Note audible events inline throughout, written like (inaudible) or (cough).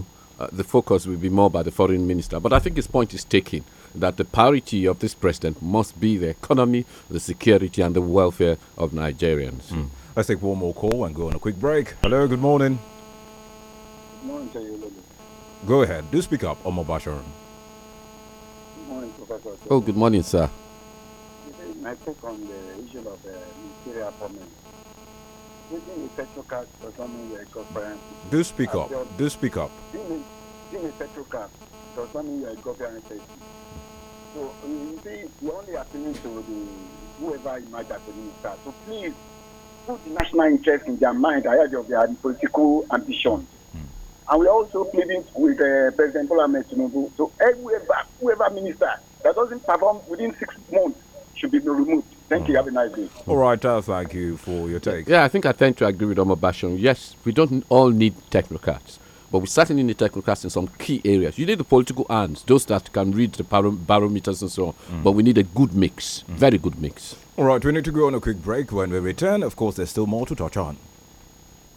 possible, uh, the focus will be more by the foreign minister. But I think his point is taken that the priority of this president must be the economy, the security, and the welfare of Nigerians. Mm. Let's take one more call and go on a quick break. Hello, good morning. Good morning to you, Go ahead, do speak up, Omo Bashar. Good morning, Professor. Oh, good morning, sir. My take on the issue of uh, ministerial appointments using a petrol card does not you're a government. Do speak up. Do speak up. Being a, a petrol card does not you're a government So you see, you're only appealing to the whoever you might have minister. So please put the national interest in their mind ahead of their political ambitions. Hmm. And we're also pleading with uh, President Bola Tinubu. So whoever, whoever minister that doesn't perform within six months should be removed. Thank you. Have a nice day. All right, uh, thank you for your take. Yeah, I think I tend to agree with Omar Basham. Yes, we don't all need technocrats, but we certainly need technocrats in some key areas. You need the political hands, those that can read the barometers and so on, mm. but we need a good mix, mm. very good mix. All right, we need to go on a quick break. When we return, of course, there's still more to touch on.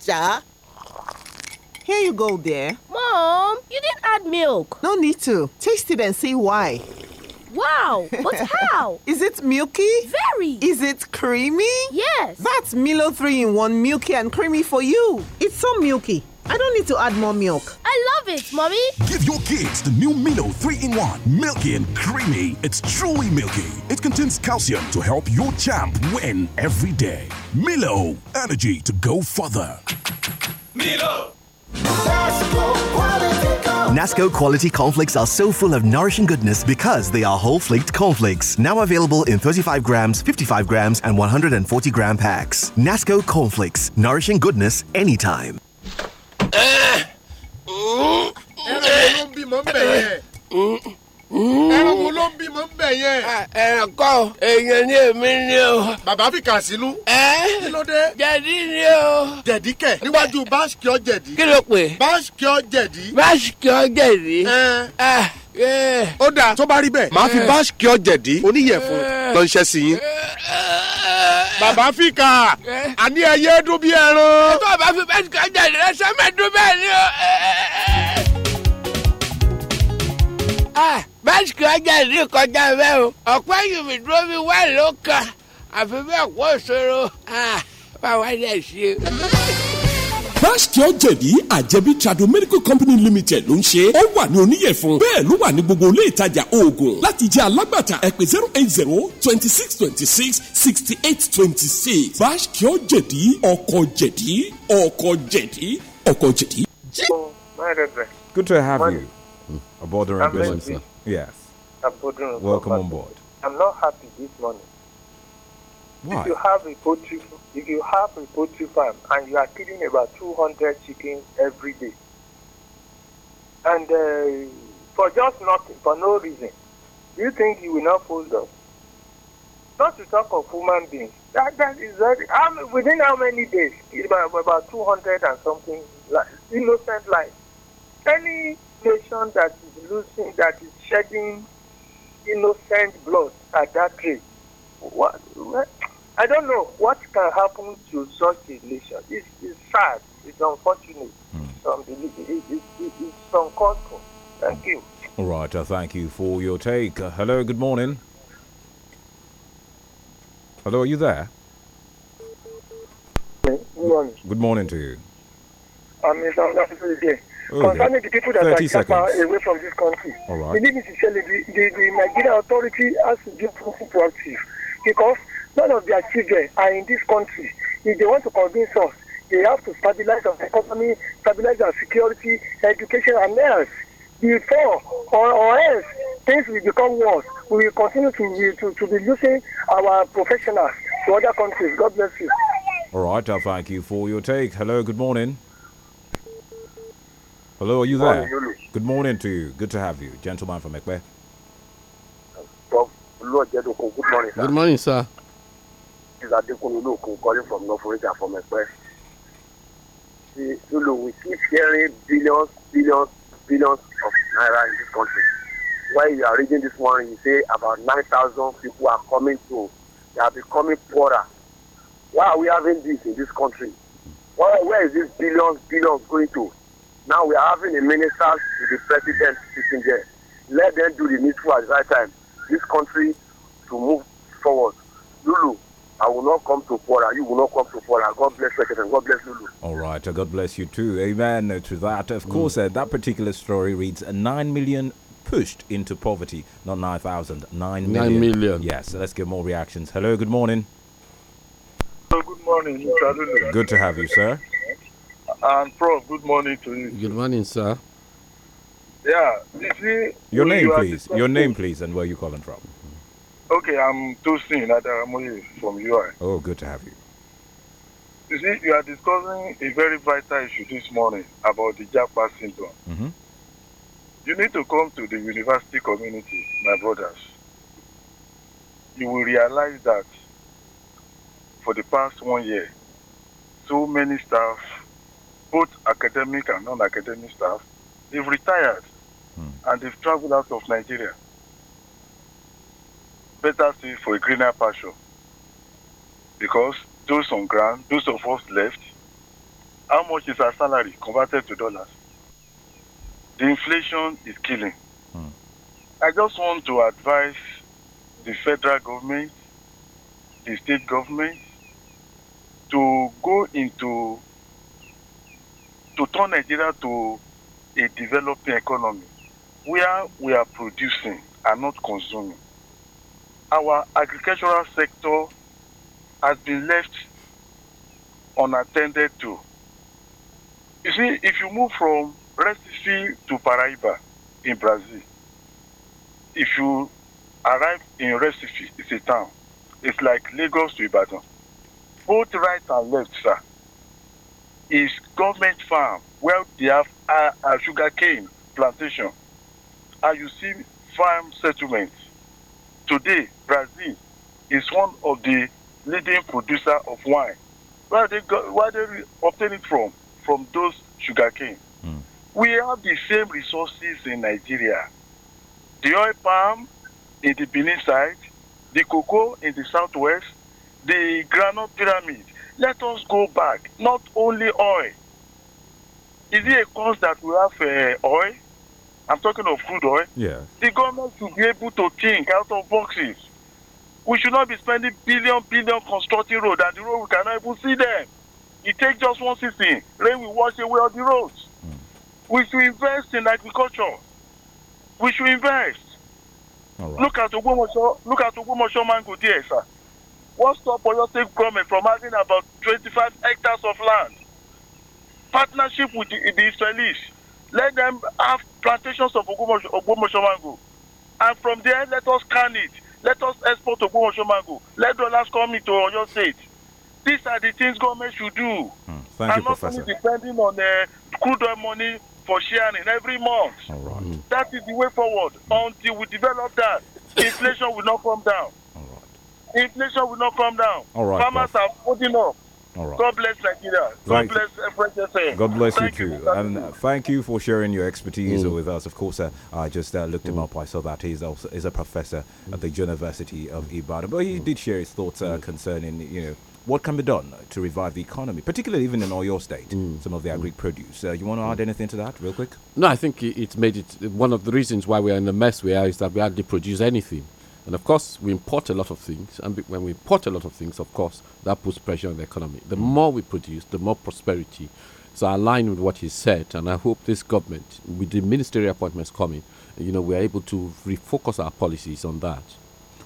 jar. Here you go, dear. Mom, you didn't add milk. No need to. Taste it and see why. Wow, (laughs) but how? Is it milky? Very. Is it creamy? Yes. That's Milo 3 in 1 milky and creamy for you. It's so milky. I don't need to add more milk. I love it, Mommy. Give your kids the new Milo 3 in 1. Milky and creamy. It's truly milky. It contains calcium to help your champ win every day. Milo, energy to go further. Milo! Nasco quality conflicts are so full of nourishing goodness because they are whole flaked conflicts. Now available in 35 grams, 55 grams, and 140 gram packs. Nasco conflicts, nourishing goodness anytime. ẹranko ló ń bímọ ń bẹ̀ yẹn ẹranko ló ń bímọ ń bẹ̀ yẹn. ẹ̀rọ̀kọ́ èèyàn ni èmi ni o. bàbá fi kà sílú. ẹ kí ló dé. jẹ̀dí ni o. jẹ̀dí kẹ̀ níwájú báṣkìọ́ jẹ̀dí. kí ló pè. báṣkìọ́ jẹ̀dí. báṣkìọ́ jẹ̀dí. ó dáa tó bá rí bẹ́ẹ̀. màá fi báṣkìọ́ jẹ̀dí oníyẹ̀fun lọ́nṣẹ́ sí yín bàbá fìkà eh? àní ẹyẹ dún bí ẹran. ẹ tó bá fi bẹ́ẹ̀ kọ́ jáde lẹ́sẹ̀ mẹ́ẹ̀ẹ́dún bẹ́ẹ̀ ni o. Ah, bẹ́ẹ̀ kọ́ jáde kọjá bẹ́ẹ̀ o ọ̀pẹ́ yìí mi dúró mi wá ló kan àfi bẹ́ẹ̀ kó sòrò ah, báwa dẹ̀ ṣe. Bash kí ọ jẹ̀bi àjẹbí Trado Medical Company Limited ló ń ṣe. Ó wà ní oníyẹ̀fún. Bẹ́ẹ̀ ló wà ní gbogbo ilé ìtajà oògùn. Láti jẹ́ alágbàtà ẹ zero eight zero twenty six twenty six sixty eight twenty six. Bash kí ọ jẹ̀bi ọkọ̀ jẹ̀bi ọkọ̀ jẹ̀bi ọkọ̀ jẹ̀bi. Oh, Good to have you. Aboard the Rebellion, Yes. Welcome on board. I'm not happy this morning. Why? If you have a poultry If you have a poultry farm and you are killing about 200 chickens every day, and uh, for just nothing, for no reason, do you think you will not fold up? Not to talk of human beings. That, that is very, within how many days? About, about 200 and something like, innocent life. Any nation that is losing, that is shedding innocent blood at that rate, what, what I don't know what can happen to such a nation. It's, it's sad. It's unfortunate. Mm. Um, it, it, it, it's uncomfortable. Thank you. All right. Uh, thank you for your take. Uh, hello. Good morning. Hello. Are you there? Good morning. Good morning to you. I'm Mr. here. Okay. Concerning the people that are seconds. away from this country, All right. we need to tell the, the, the Nigerian authority has to do proactive because none of their children are in this country if they want to convince us they have to stabilize our economy stabilize our security education and health before or, or else things will become worse we will continue to, to, to be losing our professionals to other countries god bless you. all right i thank you for your take hello good morning. Hello, are you there? Morning, Good morning to you. Good to have you, gentleman from Ekwe. Good morning, sir. Good morning, sir. Mrs. Adekunulu calling from North Africa from Express. She, Lulu, we keep hearing billions, billions, billions of naira in this country. While you are reading this one, you say about 9,000 people are coming to, they are becoming poorer. Why are we having this in this country? Why, where is this billions, billions going to? Now we are having a minister with the president sitting there. Let them do the needful at the right time. This country to move forward. Lulu, I will not come to fall, you will not come to fall. God bless you, and God bless you. All right, uh, God bless you too. Amen to that. Of mm. course, uh, mm. that particular story reads uh, 9 million pushed into poverty, not 9,000, 9 million. 9 million. Yes, so let's get more reactions. Hello, good morning. Hello, good morning, Mr. Lulu. Good to have you, sir. And, Prof, good morning to you. Good morning, sir. Yeah, you see, your name, you please. Your name, please, and where you calling from. Okay, I'm Tosin Adaramoye uh, from UI. Oh, good to have you. You see, you are discussing a very vital issue this morning about the Japa syndrome. Mm -hmm. You need to come to the university community, my brothers. You will realize that for the past one year, so many staff, both academic and non academic staff, they've retired mm. and they've traveled out of Nigeria better seed for a greener pasture. Because those on ground, those of us left, how much is our salary converted to dollars? The inflation is killing. Mm. I just want to advise the federal government, the state government, to go into to turn Nigeria to a developing economy where we are producing and not consuming our agricultural sector has been left unattended to. You see, if you move from Recife to Paraíba in Brazil, if you arrive in Recife, it's a town. It's like Lagos to Ibadan. Both right and left, sir, is government farm where they have a, a sugarcane plantation. And you see farm settlements Today, Brazil is one of the leading producer of wine. Where they go, where they obtain it from? From those sugarcane. Mm. We have the same resources in Nigeria. The oil palm in the Benin side, the cocoa in the southwest, the granite pyramid. Let us go back. Not only oil. Is it a cause that we have uh, oil? I'm talking of crude oil. Yeah. The government should be able to think out of boxes. We should not be spending billion, billion constructing road and the road we cannot even see them. It takes just one season. then we wash away all the roads. Mm. We should invest in agriculture. We should invest. Right. Look at the Ogbomoso, look at Ogbomoso mango there, sir. What stop Oyo State government from having about 25 hectares of land? Partnership with the, the Israelis let them have plantations of Ogomosho mango. And from there, let us can it. Let us export Ogomosho mango. Let dollars come into Oyo State. These are the things government should do. Mm, thank and not Professor. depending on uh, crude oil money for sharing every month. All right. Hmm. That is the way forward. Until we develop that, (coughs) inflation will not come down. All right. Inflation will not come down. All right, Farmers are holding up. All right. God bless Nigeria. God right. bless FHSA. God bless thank you too. You. And uh, thank you for sharing your expertise mm. with us. Of course, uh, I just uh, looked mm. him up. I saw that he's also is a professor mm. at the University of mm. Ibadan. But he mm. did share his thoughts uh, mm. concerning, you know, what can be done to revive the economy, particularly even in Oyo State, mm. some of the agri produce. Uh, you want to add anything to that, real quick? No, I think it's made it one of the reasons why we are in the mess we are is that we hardly produce anything. And of course, we import a lot of things. And when we import a lot of things, of course, that puts pressure on the economy. The mm. more we produce, the more prosperity. So I align with what he said. And I hope this government, with the ministerial appointments coming, you know, we're able to refocus our policies on that.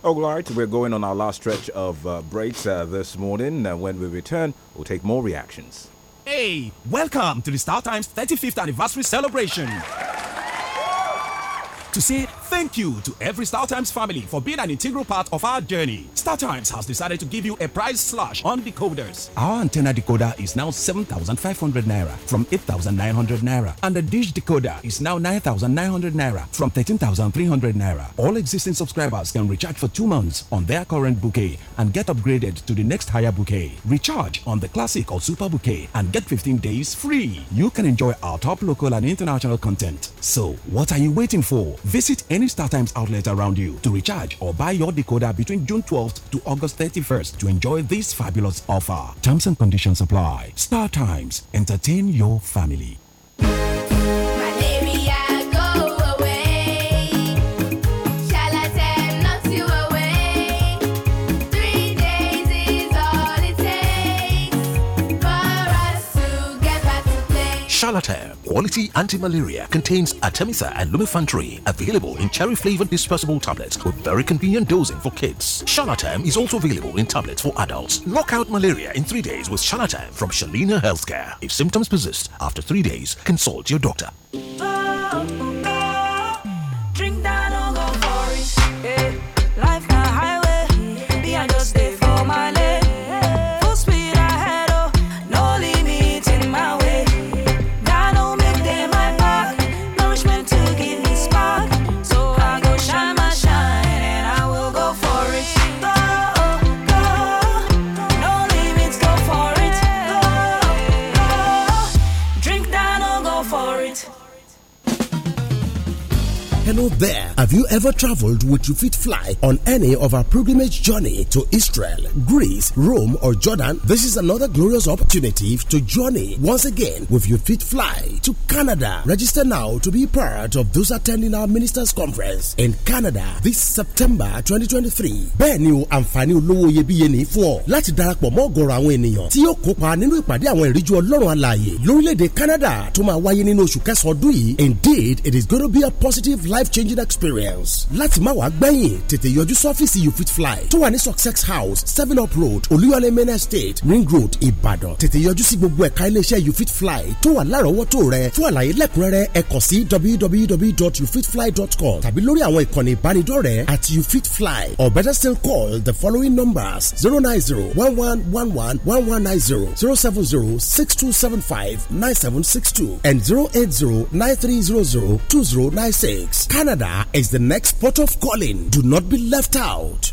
All right, we're going on our last stretch of uh, breaks uh, this morning. Uh, when we return, we'll take more reactions. Hey, welcome to the Star Times 35th anniversary celebration. To see. Thank you to every StarTimes family for being an integral part of our journey. StarTimes has decided to give you a price slash on decoders. Our antenna decoder is now 7,500 naira from 8,900 naira, and the dish decoder is now 9,900 naira from 13,300 naira. All existing subscribers can recharge for two months on their current bouquet and get upgraded to the next higher bouquet. Recharge on the classic or super bouquet and get 15 days free. You can enjoy our top local and international content. So, what are you waiting for? Visit any any StarTimes outlet around you to recharge or buy your decoder between June 12th to August 31st to enjoy this fabulous offer. Terms and conditions apply. StarTimes, entertain your family. Charlatan quality anti-malaria contains Artemisa and Lumefantrine, available in cherry-flavored dispersible tablets with very convenient dosing for kids. Shalatam is also available in tablets for adults. Knock out malaria in three days with Shalatam from Shalina Healthcare. If symptoms persist after three days, consult your doctor. Oh, follow there. Have you ever traveled with your feet fly on any of our pilgrimage journey to Israel, Greece, Rome, or Jordan? This is another glorious opportunity to journey once again with your feet fly to Canada. Register now to be part of those attending our ministers' conference in Canada this September 2023. Bẹ́ẹ̀ni and àǹfààní olówó iyebíye ní ọ láti darapọ̀ mọ́ Tio ènìyàn tí yóò kópa padia ìpàdé àwọn ìríjú ọlọ́run alààyè de Canada tó máa wáyé Indeed, it is going to be a positive life changing experience láti má wàá gbẹ̀yìn tètè yọjú sọ́fíìsì you fit fly tó wà ní success house seven up road olúyọlé main estate ring road ìbàdàn tètè yọjú sí gbogbo ẹ̀ka iléeṣẹ́ you fit fly tó wà lárọ̀ọ́wọ́tò rẹ fún àlàyé lẹ́kùnrẹ́rẹ́ ẹ kàn sí www.youfitfly.com tàbí lórí àwọn ìkànnì ìbánidọ́rẹ̀ẹ́ at you fit fly or better still call the following numbers zero nine zero one one one one one one nine zero zero seven zero six two seven five nine seven six two and zero eight zero nine three zero zero two zero nine six. Canada is the next port of calling. Do not be left out.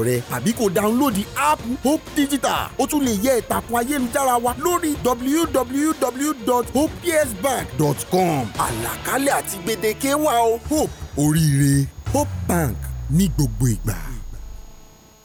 fóònù rẹ àbí kò dáńlódì áàpù hope digital O tún lè yẹ ìtàkùn ayélujára wa lórí www.hopepsbank.com àlàkalẹ̀ àti gbèdéke wa o hope oríire hope bank ní gbogbo ìgbà.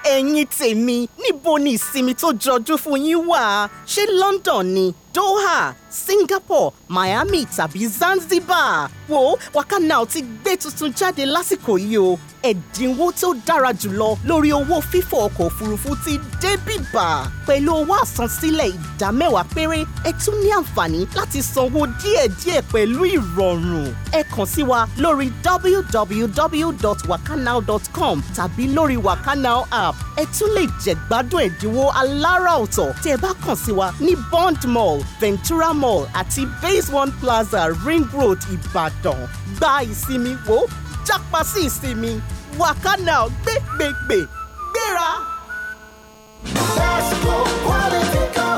ẹ̀yin tèmi níbo ni ìsinmi tó jọjú fún yín wà ṣé London ni Doha Singapore Miami tàbí Zanzibar wo WakaNow ti gbé tuntun jáde lásìkò yìí o ẹ̀dínwó tó dára jùlọ lórí owó fífọ̀ ọkọ̀ òfurufú ti dé bíbà pẹ̀lú owó àsansílẹ̀ ìdá mẹ́wàá péré ẹ tún ní àǹfààní láti sanwó díẹ̀díẹ̀ pẹ̀lú ìrọ̀rùn ẹ kàn sí wa lórí www.wakanow.com tàbí lórí WakaNow app ẹ tún lè jẹ̀gbádùn ẹ̀dínwó alára ọ̀tọ̀ tí ẹ bá kàn sí wa ní Bond Mall Ventura Mall àti Base One Plaza Ring Road Ìbàdàn gba ìsinmi wo jápa sí ìsinmi wakana gbẹgbẹgbẹ gbéra.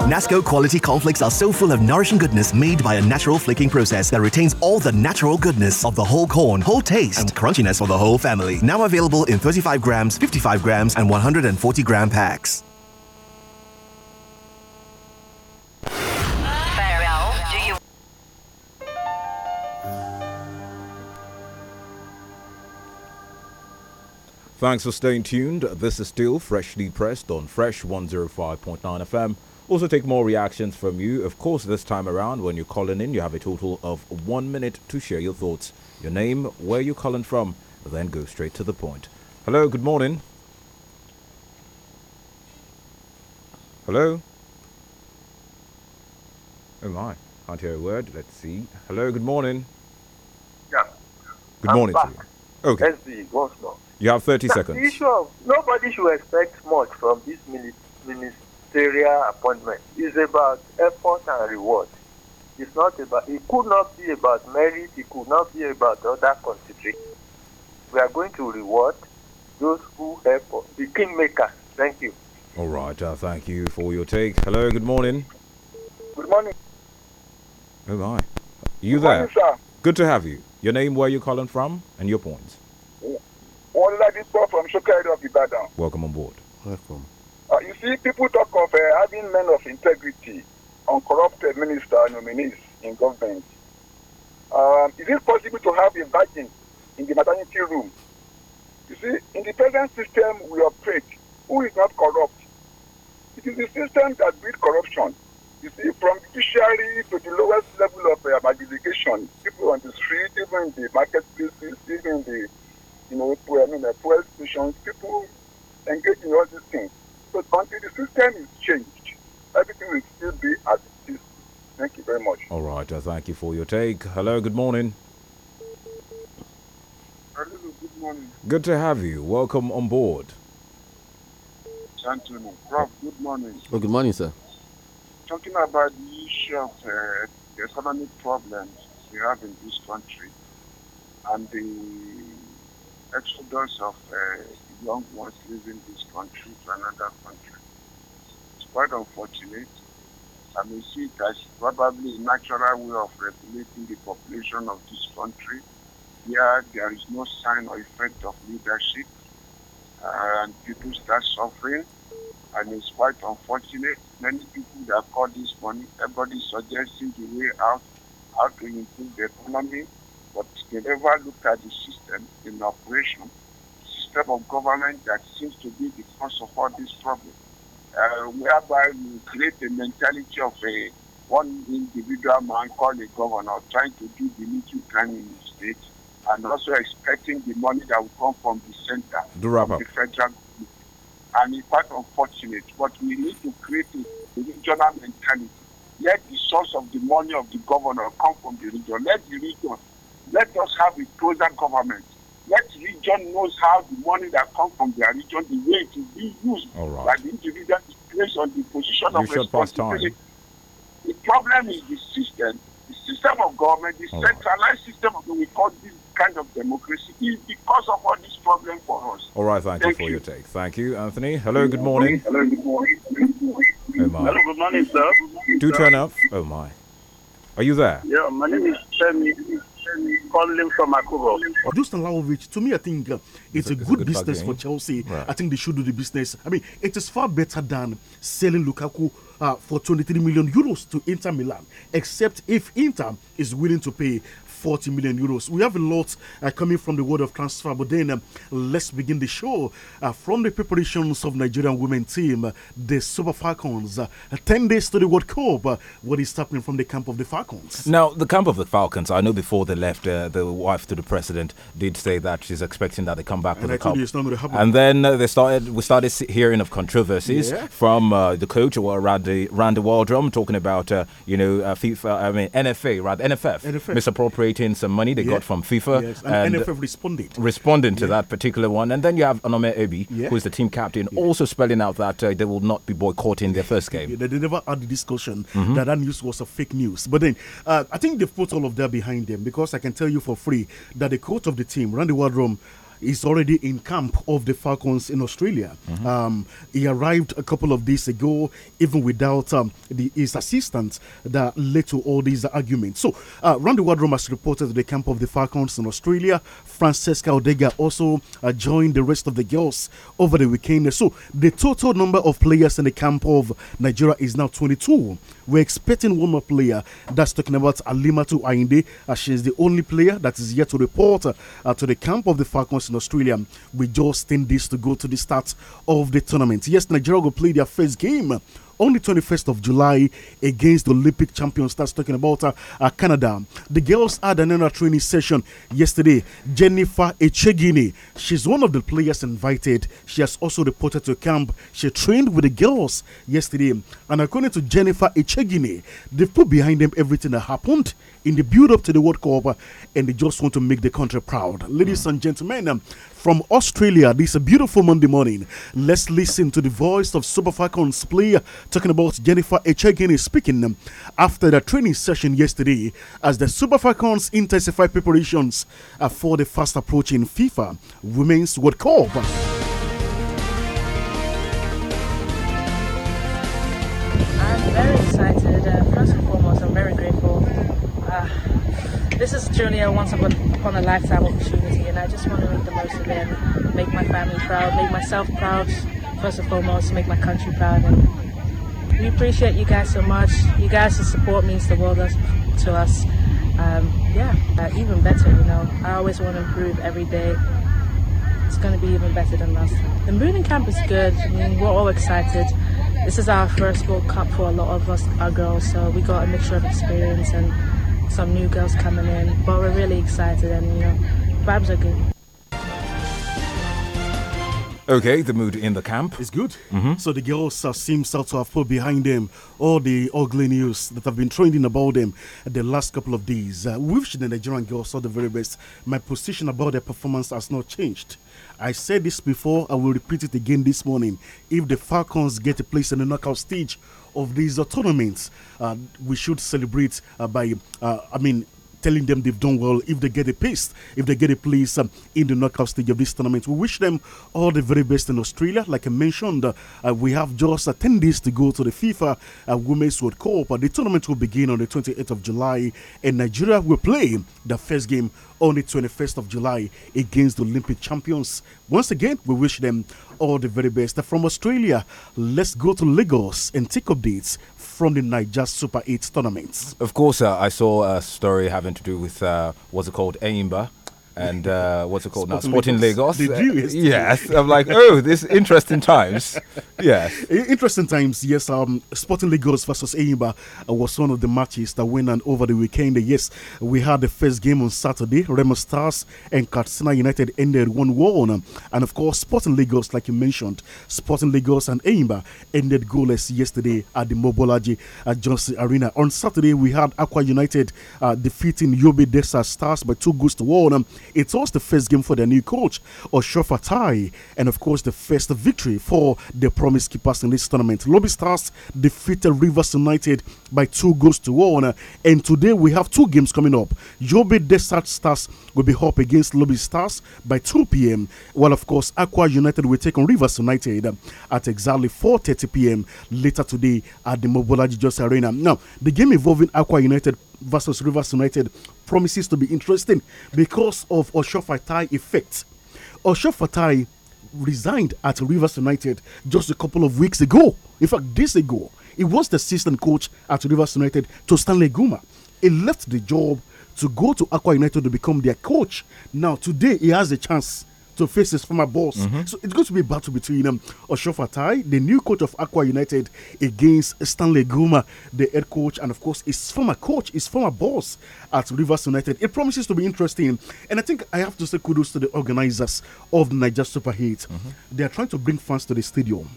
Nasco quality cornflakes are so full of nourishing goodness made by a natural flaking process that retains all the natural goodness of the whole corn, whole taste, and crunchiness for the whole family. Now available in 35 grams, 55 grams, and 140 gram packs. Thanks for staying tuned. This is still freshly pressed on Fresh 105.9 FM. Also, take more reactions from you. Of course, this time around, when you're calling in, you have a total of one minute to share your thoughts, your name, where you're calling from, then go straight to the point. Hello, good morning. Hello? Oh my, can't hear a word. Let's see. Hello, good morning. Yeah. Good I'm morning back. to you. Okay. You have 30 seconds. The issue of nobody should expect much from this ministerial appointment. It's about effort and reward. It's not about, it could not be about merit, it could not be about other considerations. We are going to reward those who help the kingmakers. Thank you. All right, uh, thank you for your take. Hello, good morning. Good morning. Oh my, you good there? Morning, Good to have you. Your name, where you calling from, and your points from of Ibadan. Welcome on board. Welcome. Uh, you see, people talk of uh, having men of integrity uncorrupted minister nominees in government. Um, is it possible to have a virgin in the maternity room? You see, in the present system we operate, who is not corrupt? It is the system that breeds corruption. You see, from judiciary to the lowest level of uh, adjudication, people on the street, even in the marketplaces, even in the you know, you know, poor stations, people engage in all these things. But until the system is changed, everything will still be as it is. Thank you very much. All right, I thank you for your take. Hello, good morning. Hello, good morning. Good to have you. Welcome on board. Gentlemen, Prof, good morning. Oh, good morning, sir. Talking about the issue of uh, the economic problems we have in this country and the exodus of uh, young ones leaving this country to another country. It's quite unfortunate. I may see it as probably a natural way of regulating the population of this country. Here, there is no sign or effect of leadership, uh, and people start suffering, and it's quite unfortunate. Many people that call this money, everybody suggesting the way out, how to improve the economy, but they never looked at the system in operation, the system of government that seems to be the cause of all this problem, uh, whereby we create a mentality of a one individual man called a governor trying to do the little can in the state and also expecting the money that will come from the center, the, from the federal government. And it's quite unfortunate, but we need to create a regional mentality. Let the source of the money of the governor come from the region. Let the region let us have a closer government. Let region knows how the money that comes from their region, the way it is being used All right. by the individual is placed on the position you of responsibility. The problem is the system, the system of government, the All centralized right. system of we call this kind of democracy is because of all this problem for us. All right, thank, thank you for you. your take. Thank you, Anthony. Hello, good morning. Hello, good morning. Oh my. Hello, good morning, sir. Do turn up. Oh my. Are you there? Yeah, my name is Femi calling from Akubo. Justin to me, I think uh, it's, it's, a, a it's, a, good, good business for Chelsea. Right. I think they should do the business. I mean, it is far better than selling Lukaku uh, for 23 million euros to Inter Milan, except if Inter is willing to pay 40 million euros. We have a lot uh, coming from the world of transfer, but then um, let's begin the show uh, from the preparations of Nigerian women team, uh, the Super Falcons. Uh, 10 days to the World Cup. Uh, what is happening from the camp of the Falcons? Now, the camp of the Falcons, I know before they left, uh, the wife to the president did say that she's expecting that they come back and with I the cup. it's not going to happen. And then they started, we started hearing of controversies yeah. from the coach, or Randy, Randy Waldrum, talking about, you know, FIFA, I mean, NFA, right? NFF, NFF. misappropriation appropriating some money they yeah. got from FIFA. Yes. And, and NFF responded. Responding to yeah. that particular one. And then you have Anome Ebi, yeah. who is the team captain, also spelling out that uh, they will not be boycotting their first game. they never had the discussion mm -hmm. that that news was a fake news. But then uh, I think they've put all of that behind them because I can tell you for free that the coach of the team, Randy Wardrum, is already in camp of the Falcons in Australia. Mm -hmm. um, he arrived a couple of days ago, even without um, the, his assistant that led to all these arguments. So, uh, Randy Wardrum has reported the camp of the Falcons in Australia. Francesca Odega also uh, joined the rest of the girls over the weekend. So, the total number of players in the camp of Nigeria is now 22. We're expecting one more player. That's talking about Alimatu Ainde. Uh, she's the only player that is yet to report uh, to the camp of the Falcons in Australia we just need this to go to the start of the tournament. Yes, Nigeria will play their first game on the 21st of July against the Olympic champions. That's talking about uh, uh, Canada. The girls had another training session yesterday. Jennifer Echegini, she's one of the players invited. She has also reported to camp. She trained with the girls yesterday. And according to Jennifer Echegini, they've put behind them everything that happened in the build up to the World Cup, uh, and they just want to make the country proud. Ladies mm. and gentlemen, um, from Australia, this beautiful Monday morning, let's listen to the voice of Super Falcons player talking about Jennifer Echegini speaking um, after the training session yesterday as the Super Falcons intensify preparations uh, for the fast approaching FIFA Women's World Cup. This is truly a once upon a lifetime opportunity, and I just want to make the most of it and make my family proud, make myself proud, first and foremost, make my country proud. And we appreciate you guys so much. You guys' support means the world to us. Um, yeah, uh, even better, you know. I always want to improve every day. It's going to be even better than last time. The moving camp is good. I mean, we're all excited. This is our first World Cup for a lot of us, our girls, so we got a mixture of experience and some new girls coming in, but we're really excited and you know, vibes are good. Okay, the mood in the camp is good. Mm -hmm. So the girls have seems to have put behind them all the ugly news that have been trending about them the last couple of days. Uh, seen the Nigerian girls all the very best. My position about their performance has not changed. I said this before, I will repeat it again this morning. If the Falcons get a place in the knockout stage of these tournaments. Uh, we should celebrate uh, by, uh, I mean, telling them they've done well if they get a place, if they get a place um, in the knockout stage of this tournament. We wish them all the very best in Australia. Like I mentioned, uh, we have just uh, 10 days to go to the FIFA uh, Women's World Cup. Uh, the tournament will begin on the 28th of July, and Nigeria will play the first game on the 21st of July against the Olympic champions. Once again, we wish them all the very best. Uh, from Australia, let's go to Lagos and take updates from the Niger Super 8 tournament. Of course, uh, I saw a story having to do with uh, what's it called, Aimba and uh, what's it called Sporting now? Sporting Lagos. Lagos. Uh, yes, I'm like, oh, this interesting times. (laughs) Yes, interesting times. Yes, um, Sporting Lagos versus Eimba was one of the matches that went on over the weekend. Yes, we had the first game on Saturday. Remo Stars and Katsina United ended one one, and of course, Sporting Lagos, like you mentioned, Sporting Lagos and Eimba ended goalless yesterday at the Mobolaji at uh, Johnson Arena. On Saturday, we had Aqua United uh, defeating Yobe Desa Stars by two goals to one. It was the first game for their new coach, Osho Fatai, and of course the first victory for the promise keepers in this tournament. Lobby Stars defeated Rivers United by two goals to one, uh, and today we have two games coming up. Yobe Desert Stars will be up against Lobby Stars by 2 p.m., while of course Aqua United will take on Rivers United uh, at exactly 4.30 p.m. later today at the Mobolaji Jos Arena. Now, the game involving Aqua United versus Rivers United promises to be interesting because of Osho Fatai effect. Osho Fatai resigned at Rivers United just a couple of weeks ago. In fact, days ago, he was the assistant coach at Rivers United to Stanley Guma. He left the job to go to Aqua United to become their coach. Now, today, he has a chance to face his former boss. Mm -hmm. So it's going to be a battle between um, Oshofatai, the new coach of Aqua United, against Stanley Guma, the head coach, and of course his former coach, his former boss at Rivers United. It promises to be interesting, and I think I have to say kudos to the organizers of Niger Super Heat. Mm -hmm. They are trying to bring fans to the stadium.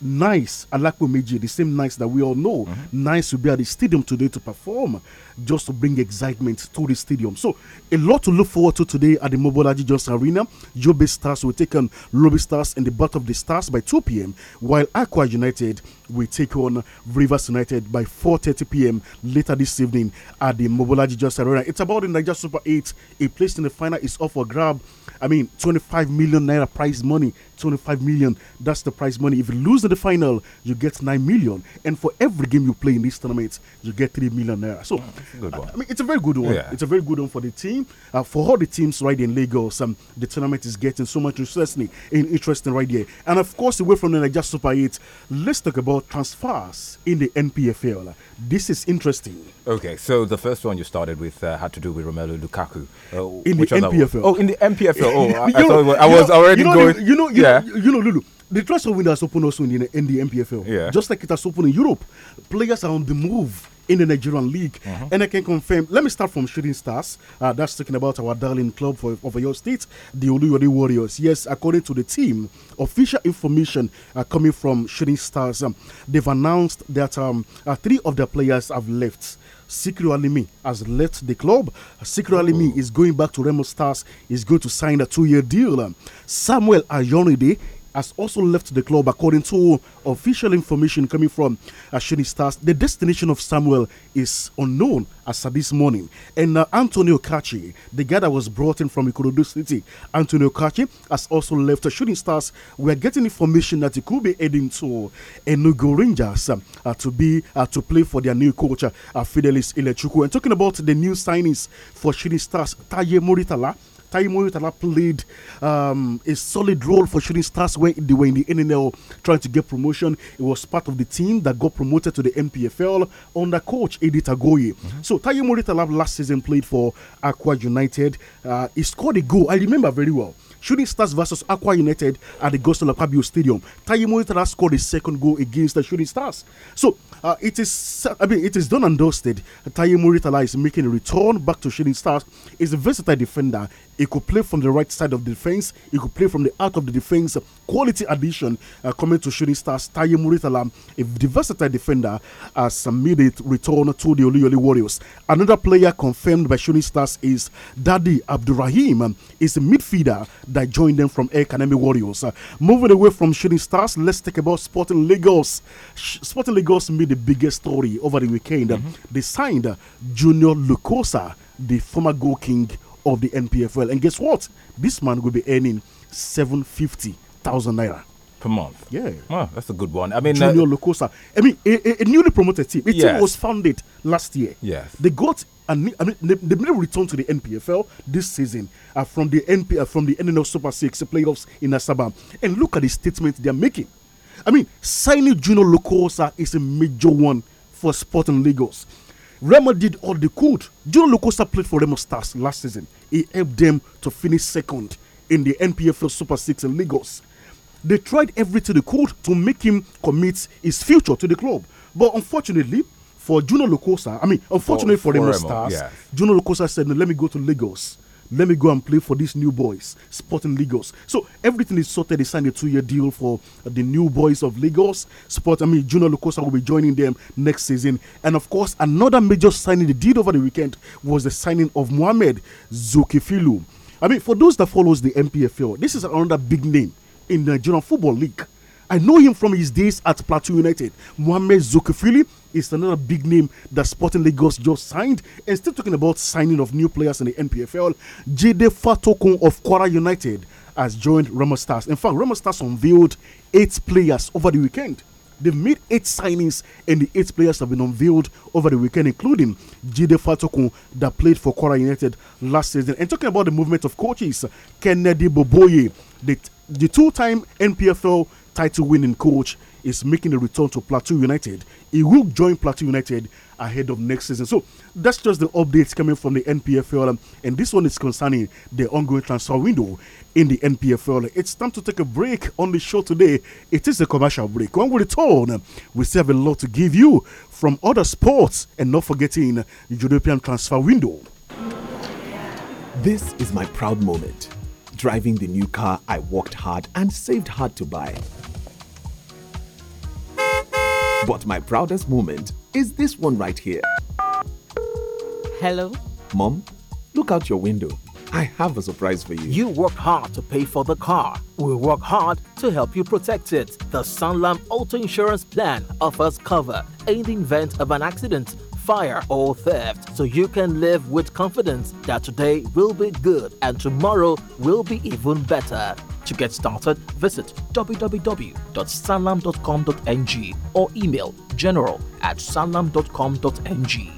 Nice Alakpo the same Nice that we all know, mm -hmm. Nice will be at the stadium today to perform, just to bring excitement to the stadium. So a lot to look forward to today at the Mobile Aji Johnson Arena. Jobe Stars will take on Lobby Stars in the back of the Stars by 2 p.m. while Aqua United will take on Rivers United by 4:30 p.m. later this evening at the Mobolaji Just Arena. It's about the Niger Super 8. A place in the final is up for grab. I mean, 25 million naira prize money 25 million. That's the prize money. If you lose in the final, you get 9 million. And for every game you play in this tournament, you get 3 million naira. So, I, I mean, it's a very good one. Yeah. It's a very good one for the team. Uh, for all the teams right in Lagos, um, the tournament is getting so much interesting, interesting right here. And of course, away from the Niger Super 8, let's talk about transfers in the NPFL. This is interesting. Okay, so the first one you started with uh, had to do with Romelu Lukaku. Uh, in the NPFL. Oh, in the NPFL. Oh, I, I, (laughs) was, I was, already you know going. you know, you, yeah. You know, Lulu, the transfer window has opened also in, in the MPFL. Yeah. Just like it has opened in Europe. Players are on the move in the Nigerian league. Mm -hmm. And I can confirm, let me start from Shooting Stars. Uh, that's talking about our darling club for, of your state, the Oluyori Warriors. Yes, according to the team, official information uh, coming from Shooting Stars, um, they've announced that um, uh, three of their players have left. Sikru Alimi has left the club. Sikru oh. Alimi is going back to Remo Stars. He's going to sign a two-year deal. Samuel Ayoride has also left the club, according to official information coming from uh, Stars. The destination of Samuel is unknown as of this morning. And uh, Antonio Kachi, the guy that was brought in from Ikorodu City, Antonio Kachi has also left uh, Shooting Stars. We are getting information that he could be heading to Enugu Rangers uh, to be uh, to play for their new coach, uh, Fidelis Ilechuku. And talking about the new signings for Shooting Stars, Taye Moritala Taimu Utala played um, a solid role for Shooting Stars when they were in the NNL trying to get promotion. It was part of the team that got promoted to the MPFL under coach Edith Agoye. Mm -hmm. So Taimu Utala last season played for Aqua United. Uh, he scored a goal. I remember very well. Shooting Stars versus Aqua United at the Gospel Akpabio Stadium. Taimo Itara scored his second goal against the Shooting Stars. So uh, it is, I mean, it is done and dusted. Taimo Itara is making a return back to Shooting Stars. He's a versatile defender. He could play from the right side of the defense. He could play from the out of the defense. Quality addition uh, coming to Shooting Stars. Taye Muritala, a versatile defender, has made it return to the Oluyole Warriors. Another player confirmed by Shooting Stars is Daddy Abdurrahim. He's a midfielder that joined them from Academy Warriors. Uh, moving away from shooting stars, let's talk about Sporting Lagos. Sh Sporting Lagos made the biggest story over the weekend. Mm -hmm. They signed uh, Junior Lucosa, the former goal king of the NPFL. And guess what? This man will be earning 750,000 naira per month. Yeah, that's a good one. I mean, Junior uh, Lucosa. I mean, a, a, a, newly promoted team. A yes. team was founded last year. Yes, they got and I mean, they, they may return to the NPFL this season uh, from the NP uh, from the NNL Super Six playoffs in Asaba. And look at the statement they are making. I mean, signing Juno Locosa is a major one for Sporting Lagos. Remo did all they could. Juno Locosa played for Remo Stars last season. He helped them to finish second in the NPFL Super Six in Lagos. They tried everything they could to make him commit his future to the club, but unfortunately, for Juno Locosa, I mean, unfortunately for, for, for Remo Stars, Juno Locosa said, no, let me go to Lagos. Let me go and play for these new boys, Sporting Lagos. So everything is sorted. They signed a two-year deal for the new boys of Lagos. Sport, I mean, Juno Lucosa will be joining them next season. And of course, another major signing they did over the weekend was the signing of Mohamed Zukifilu. I mean, for those that follows the MPFL, this is another big name in the Nigerian Football League. I know him from his days at Plateau United. Mohamed Zukifili is another big name that Sporting Lagos just signed. And still talking about signing of new players in the NPFL, Jide Fatokun of Kwara United has joined Roma Stars. In fact, Roma Stars unveiled eight players over the weekend. They've made eight signings, and the eight players have been unveiled over the weekend, including Jide Fatokun that played for Kwara United last season. And talking about the movement of coaches, Kennedy Boboye, the, the two time NPFL title winning coach is making a return to Plateau United. He will join Plateau United ahead of next season. So that's just the updates coming from the NPFL. Um, and this one is concerning the ongoing transfer window in the NPFL. It's time to take a break on the show today. It is a commercial break. When we return, we still have a lot to give you from other sports and not forgetting the European transfer window. This is my proud moment. Driving the new car I worked hard and saved hard to buy but my proudest moment is this one right here. Hello? Mom, look out your window. I have a surprise for you. You worked hard to pay for the car. We work hard to help you protect it. The Sunlam Auto Insurance Plan offers cover in the event of an accident, fire, or theft, so you can live with confidence that today will be good and tomorrow will be even better. To get started, visit www.sanlam.com.ng or email general at sanlam.com.ng.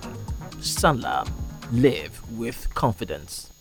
Sanlam. Live with confidence.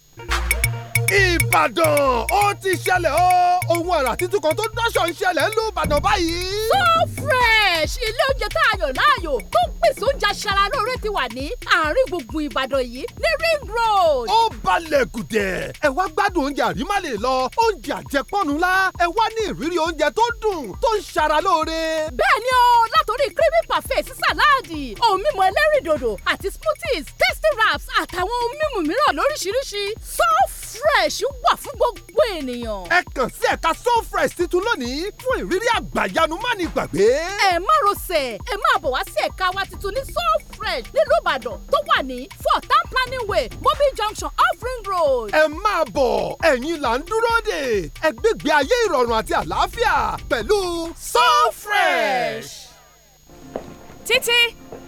ìbàdàn ó ti ṣẹlẹ̀ ó ohun àrà títún kan tó dáṣọ ń ṣẹlẹ̀ ń lu ìbàdàn báyìí. so fresh ilé oúnjẹ tá a yàn láàyò tó ń pèsè oúnjẹ aṣara lóore ti wà ní àárín gbùngbùn ìbàdàn yìí ní ring road. ó balẹ̀ gùdẹ̀ ẹ wá gbádùn oúnjẹ àrímá lè lọ oúnjẹ àjẹpọ́nu ńlá ẹ wá ní ìrírí oúnjẹ tó dùn tó ń ṣara lóore. bẹ́ẹ̀ ni o látòrí creamy parfait sí sàláàdì ohun mímu ẹlẹ́rìndòdò àti smoothies tasty wraps àtàwọn ohun mímu mìíràn lóríṣiríṣi so fresh fresh wà fún gbogbo ènìyàn. ẹ kàn sí ẹ̀ka so fresh titun lónìí fún ìrírí àgbàyanu má ní gbàgbé. ẹ má rọsẹ̀ ẹ máa bọ̀ wá sí ẹ̀ka wa titun ní so fresh nílùú ìbàdàn tó wà ní four town planning way mobil junction off ring road. ẹ máa bọ̀ ẹ̀yin là ń dúró dè ẹ gbégbé ayé ìrọ̀rùn àti àlàáfíà pẹ̀lú so fresh. títí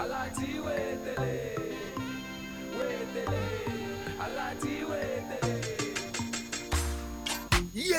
I like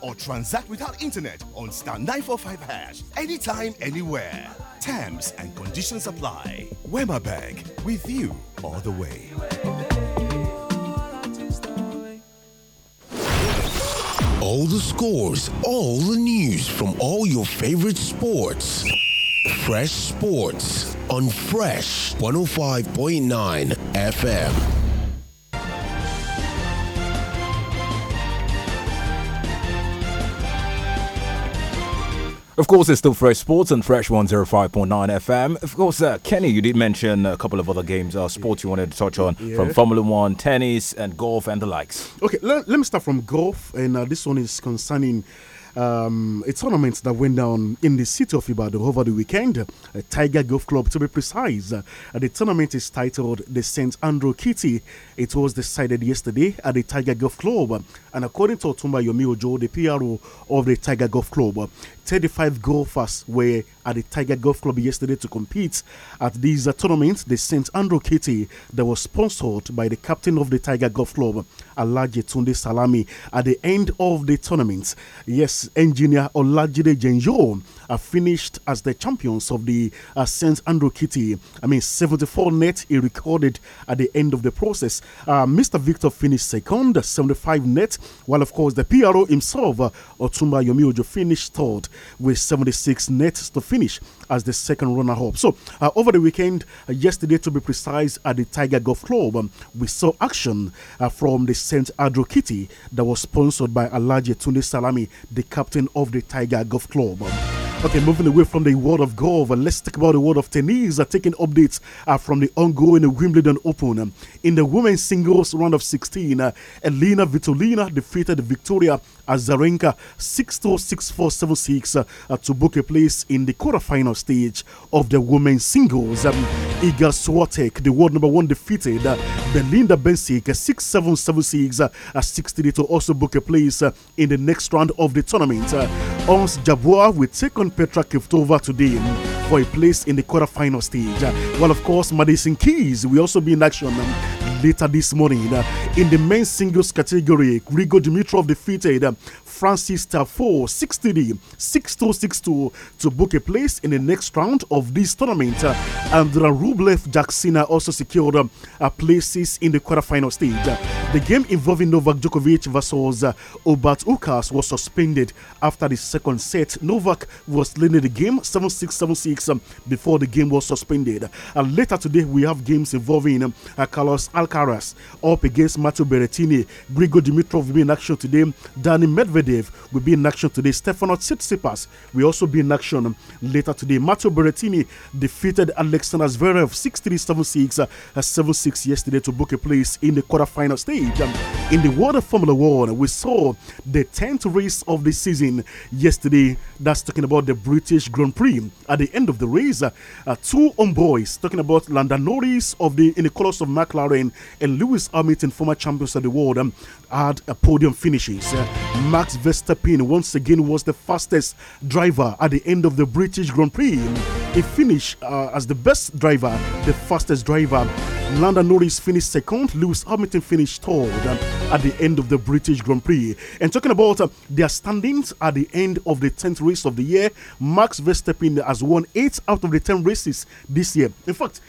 or transact without internet on star 945 hash anytime, anywhere. Terms and conditions apply. Wema Bank with you all the way. All the scores, all the news from all your favorite sports. Fresh Sports on Fresh 105.9 FM. Of course, it's still Fresh Sports and Fresh 105.9 FM. Of course, uh, Kenny, you did mention a couple of other games, uh, sports you wanted to touch on yeah. from Formula One, tennis, and golf, and the likes. Okay, let, let me start from golf, and uh, this one is concerning. Um, a tournament that went down in the city of Ibadan over the weekend, a Tiger Golf Club to be precise. Uh, the tournament is titled the St. Andrew Kitty it was decided yesterday at the Tiger Golf Club. And according to Otumba Yomi the PRO of the Tiger Golf Club, 35 golfers were at the Tiger Golf Club yesterday to compete at this uh, tournament, the St. Andrew Kitty, that was sponsored by the captain of the Tiger Golf Club, Alajetunde Tunde Salami. At the end of the tournament, yes, engineer Olajide Genjo uh, finished as the champions of the uh, St. Andrew Kitty. I mean, 74 net he recorded at the end of the process. Uh, Mr. Victor finished second, 75 net, while of course the PRO himself, uh, Otumba Yomiojo, finished third with 76 nets to finish as the second runner-up. So uh, over the weekend, uh, yesterday to be precise, at the Tiger Golf Club, um, we saw action uh, from the St. Andrew Kitty that was sponsored by Alaji Tunde Salami, the captain of the Tiger Golf Club. Um, Okay, moving away from the world of golf, uh, let's talk about the world of tennis. Uh, taking updates uh, from the ongoing Wimbledon Open. Um, in the women's singles round of 16, uh, Elena Vitolina defeated Victoria Azarenka 6 2 6 4 7 6 uh, to book a place in the quarterfinal stage of the women's singles. Um, Iga Swiatek, the world number one, defeated uh, Belinda Bencic uh, 6 7 7 6 uh, 6 3 to also book a place in the next round of the tournament. Ons Jabua will take on Petra Kvitova today um, for a place in the quarterfinal stage. Well, of course, Madison Keys will also be in action. Um, later this morning. Uh, in the men's singles category, Grigor Dimitrov defeated uh, Francis Tafoe 6-3, 6-2, 6-2 to book a place in the next round of this tournament. Uh, and Rublev Jaksina also secured uh, uh, places in the quarterfinal stage. Uh, the game involving Novak Djokovic versus uh, Obat Ukas was suspended after the second set. Novak was leading the game 7-6, 7-6 um, before the game was suspended. Uh, later today, we have games involving Carlos Al Alcaraz up against Matteo Berrettini. Grigor Dimitrov will be in action today. Dani Medvedev will be in action today. Stefano Tsitsipas will also be in action later today. Matteo Berrettini defeated Alexander Zverev 6-3, 7-6, uh, yesterday to book a place in the quarterfinal stage. Um, in the World of Formula One, we saw the 10th race of the season yesterday. That's talking about the British Grand Prix. At the end of the race, uh, uh two homeboys talking about Landa Norris of the in the colors of McLaren and Lewis Hamilton, former champions of the world, um, had a podium finishes. Uh, Max Verstappen once again was the fastest driver at the end of the British Grand Prix. He finished uh, as the best driver, the fastest driver. Lando Norris finished second, Lewis Hamilton finished third um, at the end of the British Grand Prix. And talking about uh, their standings at the end of the 10th race of the year, Max Verstappen has won 8 out of the 10 races this year. In fact,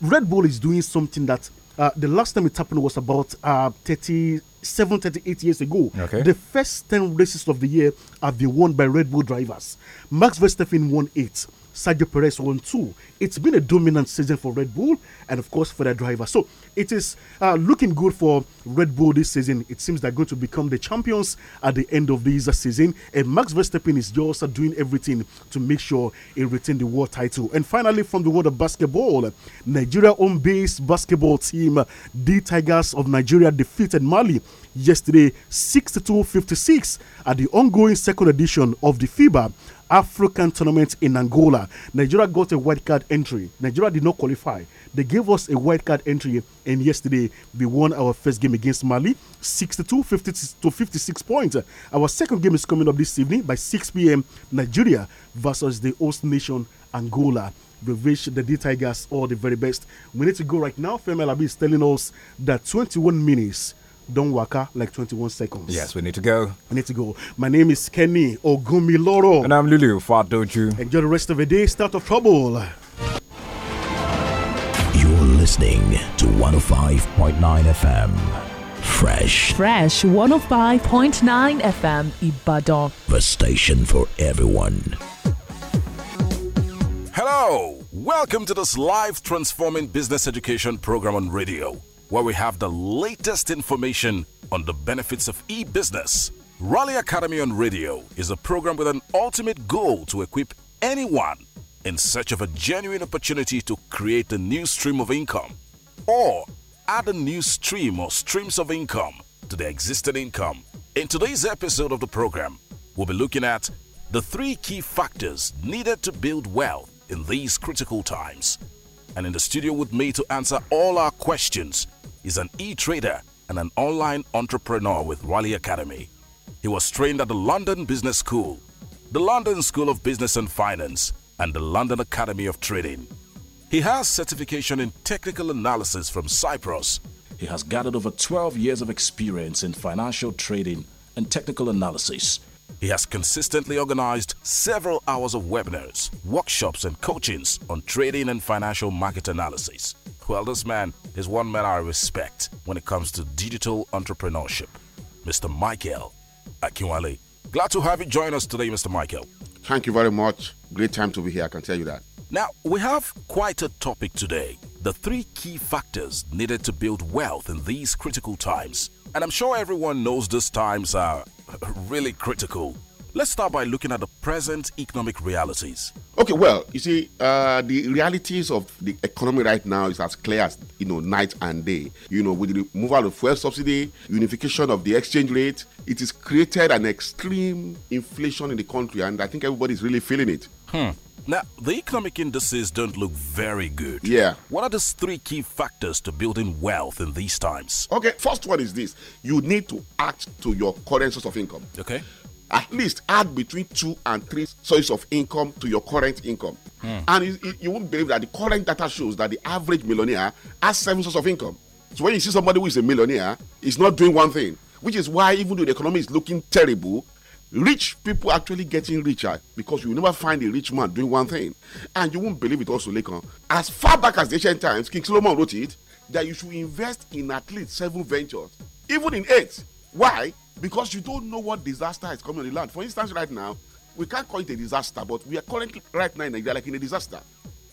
Red Bull is doing something that uh, the last time it happened was about uh, 37, 38 years ago. Okay. The first 10 races of the year have been won by Red Bull drivers. Max Verstappen won eight. Sergio Perez won two. It's been a dominant season for Red Bull and, of course, for the driver. So it is uh, looking good for Red Bull this season. It seems they're going to become the champions at the end of this season. And Max Verstappen is just uh, doing everything to make sure he retains the world title. And finally, from the world of basketball, Nigeria home base basketball team, the Tigers of Nigeria, defeated Mali yesterday 62 56 at the ongoing second edition of the FIBA African tournament in Angola. Nigeria got a white card entry. Nigeria did not qualify. They gave us a white card entry, and yesterday we won our first game against Mali, 62 to 56 points. Our second game is coming up this evening by 6 p.m. Nigeria versus the host nation Angola. We wish the D Tigers all the very best. We need to go right now. Femel Abi is telling us that 21 minutes don't waka like 21 seconds. Yes, we need to go. We need to go. My name is Kenny Ogumiloro. And I'm Lulu Fadoju. Enjoy the rest of the day. Start of trouble. You're listening to 105.9 FM. Fresh. Fresh 105.9 FM Ibadan. The station for everyone. Hello. Welcome to this live transforming business education program on radio where we have the latest information on the benefits of e business. Raleigh Academy on Radio is a program with an ultimate goal to equip anyone in search of a genuine opportunity to create a new stream of income or add a new stream or streams of income to their existing income. In today's episode of the program, we'll be looking at the three key factors needed to build wealth in these critical times. And in the studio with me to answer all our questions is an e-trader and an online entrepreneur with Raleigh Academy. He was trained at the London Business School, the London School of Business and Finance, and the London Academy of Trading. He has certification in technical analysis from Cyprus. He has gathered over 12 years of experience in financial trading and technical analysis. He has consistently organized several hours of webinars, workshops, and coachings on trading and financial market analysis. Well, this man is one man I respect when it comes to digital entrepreneurship, Mr. Michael Akinwale. Glad to have you join us today, Mr. Michael. Thank you very much. Great time to be here, I can tell you that. Now, we have quite a topic today the three key factors needed to build wealth in these critical times. And I'm sure everyone knows these times are (laughs) really critical. Let's start by looking at the present economic realities. Okay, well, you see, uh, the realities of the economy right now is as clear as you know night and day. You know, with the removal of fuel subsidy, unification of the exchange rate, it has created an extreme inflation in the country, and I think everybody's really feeling it. Hmm. Now, the economic indices don't look very good. Yeah. What are the three key factors to building wealth in these times? Okay, first one is this you need to act to your current source of income. Okay at least add between two and three sources of income to your current income. Mm. And you won't believe that the current data shows that the average millionaire has seven sources of income. So when you see somebody who is a millionaire, is not doing one thing, which is why even though the economy is looking terrible, rich people actually getting richer because you never find a rich man doing one thing. And you won't believe it also, Lekon. As far back as the ancient times, King Solomon wrote it that you should invest in at least seven ventures, even in eight. Why? because you don't know what disaster is coming on the land. For instance, right now, we can't call it a disaster, but we are currently right now in Nigeria like in a disaster.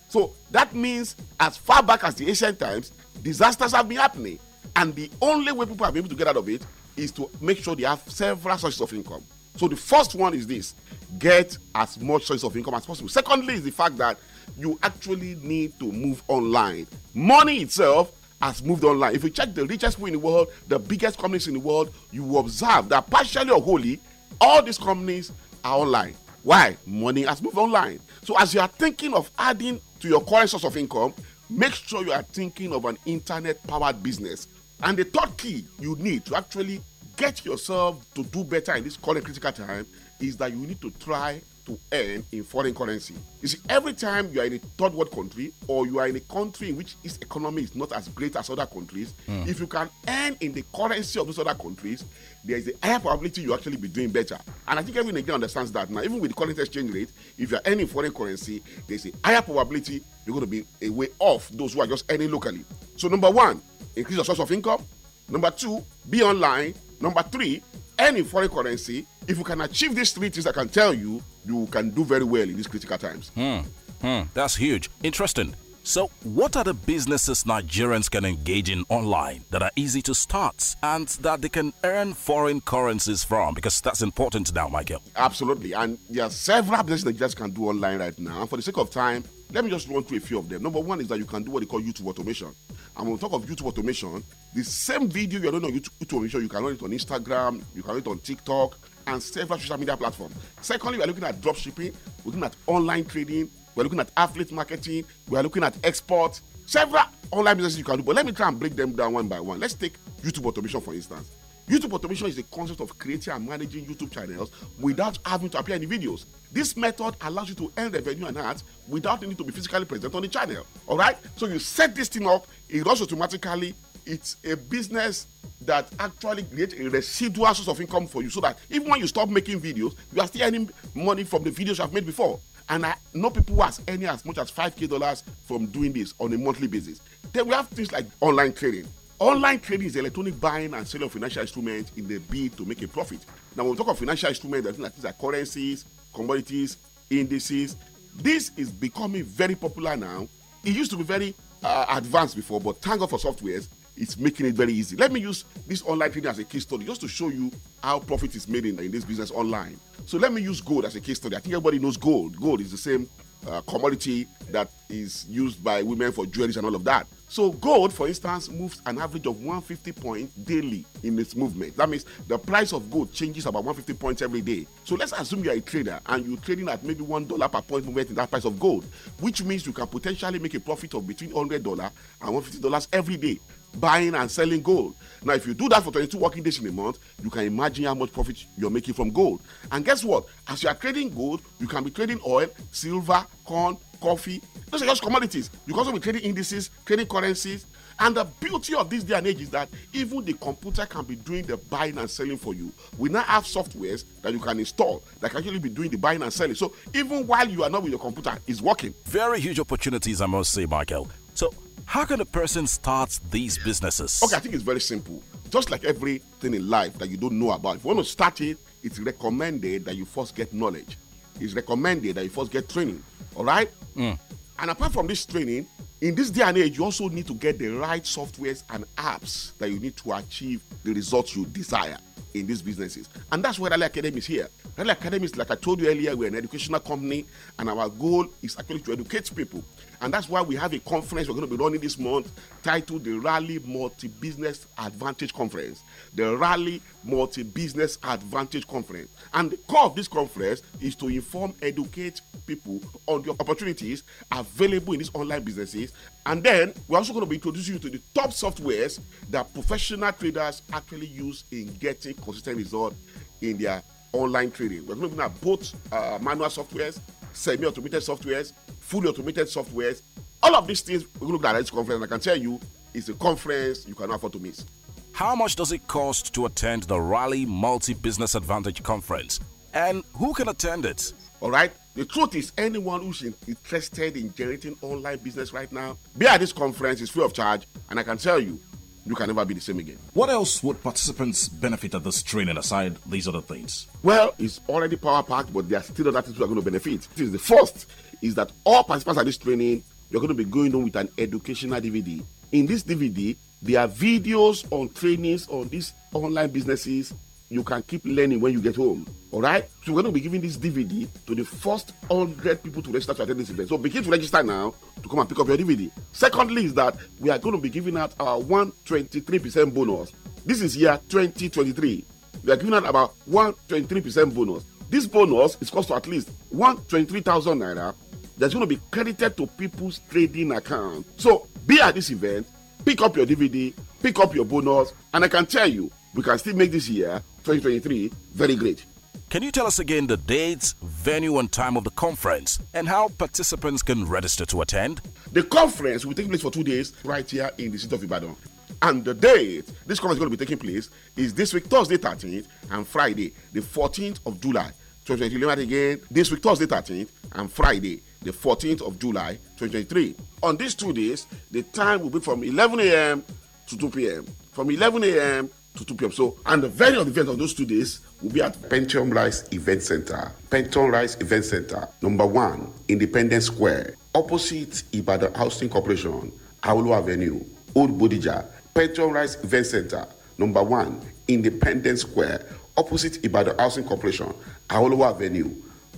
So that means as far back as the ancient times, disasters have been happening. And the only way people have been able to get out of it is to make sure they have several sources of income. So the first one is this get as much source of income as possible. Secondly, is the fact that you actually need to move online. Money itself has moved online. If you check the richest people in the world, the biggest companies in the world, you will observe that partially or wholly, all these companies are online. Why? Money has moved online. So as you are thinking of adding to your current source of income, make sure you are thinking of an internet powered business. And the third key you need to actually get yourself to do better in this current critical time is that you need to try to earn in foreign currency. You see, every time you are in a third world country or you are in a country in which its economy is not as great as other countries, mm. if you can earn in the currency of those other countries, there is a higher probability you actually be doing better. And I think every Nigerian understands that now. Even with the current exchange rate, if you are earning foreign currency, there is a higher probability you're going to be a way off those who are just earning locally. So number one, increase your source of income. Number two, be online. Number three, earn in foreign currency if you can achieve these three things, I can tell you, you can do very well in these critical times. Hmm. Hmm. That's huge. Interesting. So, what are the businesses Nigerians can engage in online that are easy to start and that they can earn foreign currencies from? Because that's important now, Michael. Absolutely. And there are several businesses Nigerians can do online right now. And for the sake of time, let me just run through a few of them. Number one is that you can do what they call YouTube automation. And when we talk of YouTube automation, the same video you're doing on YouTube, YouTube automation, you can run it on Instagram, you can run it on TikTok, and several social media platforms. Secondly, we are looking at drop shipping, we're looking at online trading, we're looking at affiliate marketing, we are looking at export, several online businesses you can do. But let me try and break them down one by one. Let's take YouTube automation, for instance. YouTube automation is the concept of creating and managing YouTube channels without having to appear in the videos. This method allows you to earn revenue and ads without needing to be physically present on the channel. All right? So you set this thing up, it runs automatically it's a business that actually creates a residual source of income for you so that even when you stop making videos, you are still earning money from the videos you have made before. And I know people who are earning as much as 5k dollars from doing this on a monthly basis. Then we have things like online trading. Online trading is electronic buying and selling of financial instruments in the bid to make a profit. Now, when we talk of financial instruments, there's things like currencies, commodities, indices. This is becoming very popular now. It used to be very uh, advanced before, but thank God for softwares it's making it very easy. Let me use this online trading as a case study just to show you how profit is made in, in this business online. So let me use gold as a case study. I think everybody knows gold. Gold is the same uh, commodity that is used by women for jewelry and all of that. So gold, for instance, moves an average of 150 points daily in its movement. That means the price of gold changes about 150 points every day. So let's assume you're a trader and you're trading at maybe one dollar per point movement in that price of gold, which means you can potentially make a profit of between $100 and $150 every day buying and selling gold. Now, if you do that for 22 working days in a month, you can imagine how much profit you're making from gold. And guess what? As you are trading gold, you can be trading oil, silver, corn, coffee. Those are just commodities. You can also be trading indices, trading currencies. And the beauty of this day and age is that even the computer can be doing the buying and selling for you. We now have softwares that you can install that can actually be doing the buying and selling. So even while you are not with your computer, it's working. Very huge opportunities, I must say, Michael. So how can a person start these businesses? Okay, I think it's very simple. Just like everything in life that you don't know about, if you want to start it, it's recommended that you first get knowledge. It's recommended that you first get training. All right? Mm. And apart from this training, in this day and age, you also need to get the right softwares and apps that you need to achieve the results you desire in these businesses. And that's where Rally Academy is here. Rally Academy is, like I told you earlier, we're an educational company, and our goal is actually to educate people. And that's why we have a conference we're going to be running this month titled the Rally Multi Business Advantage Conference. The Rally Multi Business Advantage Conference. And the core of this conference is to inform, educate people on the opportunities available in these online businesses. And then we're also going to be introducing you to the top softwares that professional traders actually use in getting consistent results in their online trading. We're to have both uh, manual softwares semi automated softwares, fully automated softwares. All of these things we look at this conference, I can tell you, it's a conference you cannot afford to miss. How much does it cost to attend the Raleigh Multi Business Advantage Conference? And who can attend it? All right. The truth is, anyone who's interested in generating online business right now, be at this conference is free of charge. And I can tell you, you can never be the same again. What else would participants benefit at this training aside these other things? Well, it's already power packed, but there are still other things that are going to benefit. This is the first is that all participants at this training, you're going to be going on with an educational DVD. In this DVD, there are videos on trainings on these online businesses you can keep learning when you get home. All right. So we're going to be giving this DVD to the first 100 people to register to attend this event. So begin to register now to come and pick up your DVD. Secondly, is that we are going to be giving out our 123% bonus. This is year 2023. We are giving out about 123% bonus. This bonus is cost to at least 123,000 naira. That's going to be credited to people's trading account. So be at this event, pick up your DVD, pick up your bonus, and I can tell you we can still make this year, 2023, very great. Can you tell us again the dates, venue, and time of the conference and how participants can register to attend? The conference will take place for two days right here in the city of Ibadan. And the date this conference is going to be taking place is this week, Thursday 13th, and Friday, the 14th of July. 2023. remember again, this week, Thursday 13th, and Friday, the 14th of July 2023. On these two days, the time will be from 11 a.m. to 2 p.m. From 11 a.m to 2 p.m. So, and the venue of the event on those two days will be at Pentium Rise Event Center. Pentium Rise Event Center, number one, Independence Square, opposite Ibadan Housing Corporation, Aulu Avenue, Old Bodija. Pentium Rise Event Center, number one, Independence Square, opposite Ibadan Housing Corporation, Aulu Avenue,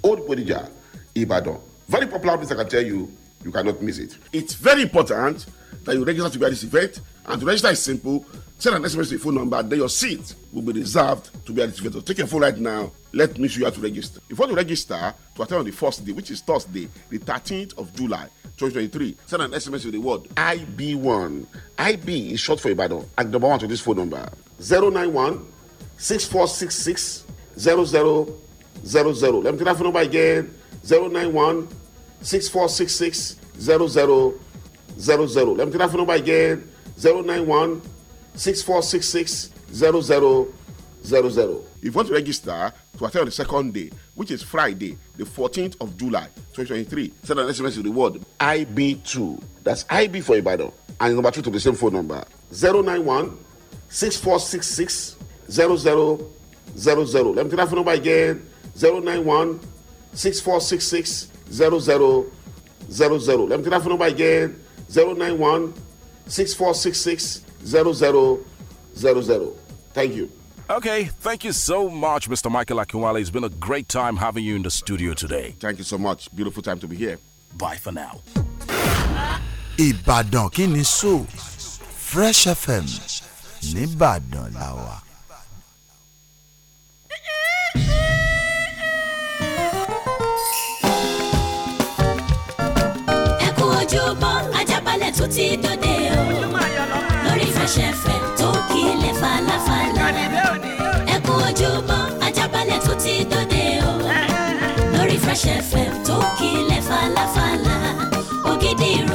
Old Bodija, Ibadan. Very popular place, I can tell you. You cannot miss it. It's very important that you register to be at this event And to register is simple. Send an SMS to your phone number, then your seat will be reserved to be activated. Take your phone right now. Let me show you how to register. If you want to register to attend on the first day, which is Thursday, the thirteenth of July, 2023, send an SMS with the word IB1. IB is short for Ibadan. And number one to this phone number 091 6466 0000. Let me take that phone number again 091 6466 0000. Let me take that phone number again 091 6466 0000. If you want to register to attend on the second day, which is Friday, the 14th of July 2023, send an SMS to the word IB2. That's IB for Ibadan. And number two to the same phone number 091 6466 0000. Let me tell that phone number again 091 6466 0000. Let me tell that phone number again Zero nine one 6466 Thank you. Okay, thank you so much, Mr. Michael Akinwale. It's been a great time having you in the studio today. Thank you so much. Beautiful time to be here. Bye for now. Ibadan kini so Fresh FM nìbàdàn làwà. Ẹ ojo bon. tún ti dòde o lórí fẹsẹ̀fẹ̀ tó kílẹ̀ falafala ẹ kú ojúmọ́ ajábalẹ̀ tún ti dòde o lórí fẹsẹ̀fẹ̀ tó kílẹ̀ falafala ògidì ìrọ̀.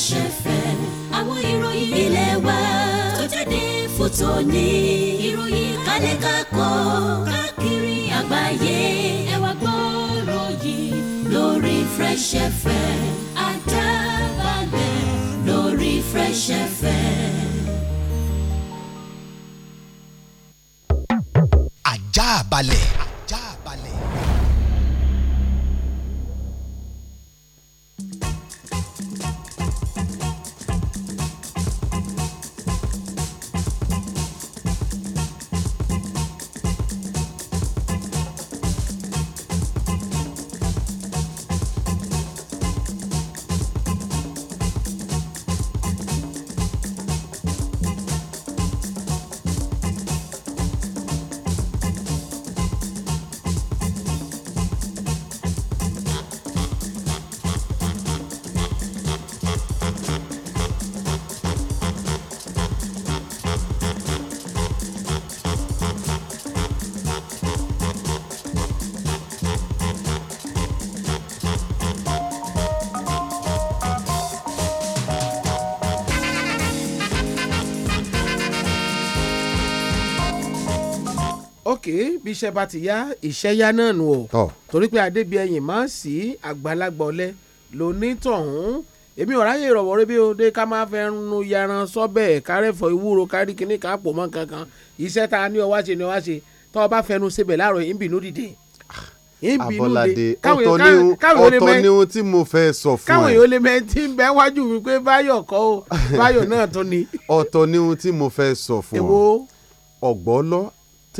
Fresh FM àwọn ìròyìn ilé wa tó jáde fún tòní ìròyìn kálẹ̀ kakọ́ káàkiri àgbáyé ẹ wá gbọ́rọ̀ yìí lórí Fresh FM àdábàgbẹ̀ lórí Fresh FM. àjà balẹ̀. bí iṣẹ́ bá ti yá iṣẹ́ yá náà nù ọ́ torí pé adébíyẹyìn máa sí àgbàlagbà ọ̀lẹ lónítọ̀hún èmi ò ráyè ìrọ̀wọ́ rẹ́bí o dé ká máa fẹ́ nu yaran sọ́bẹ̀ kárẹ́fọ̀ ìwúro kárí kínní ká pò mọ́ kankan iṣẹ́ ta ni ọwá ṣe ni ọwá ṣe tọ́ ọ bá fẹnu síbẹ̀ láàárọ̀ ìbínú dìde. Abọ́ládé ọ̀tọ̀ ni ohun tí mo fẹ́ sọ fún ẹ. káwọn èèyàn lè mẹ tí ń bẹ wájú mi pé báyọ̀ kọ́ o (laughs) báyọ̀ náà tún ni. ọ̀tọ̀ ni ohun tí mo fẹ́ sọ fún ọ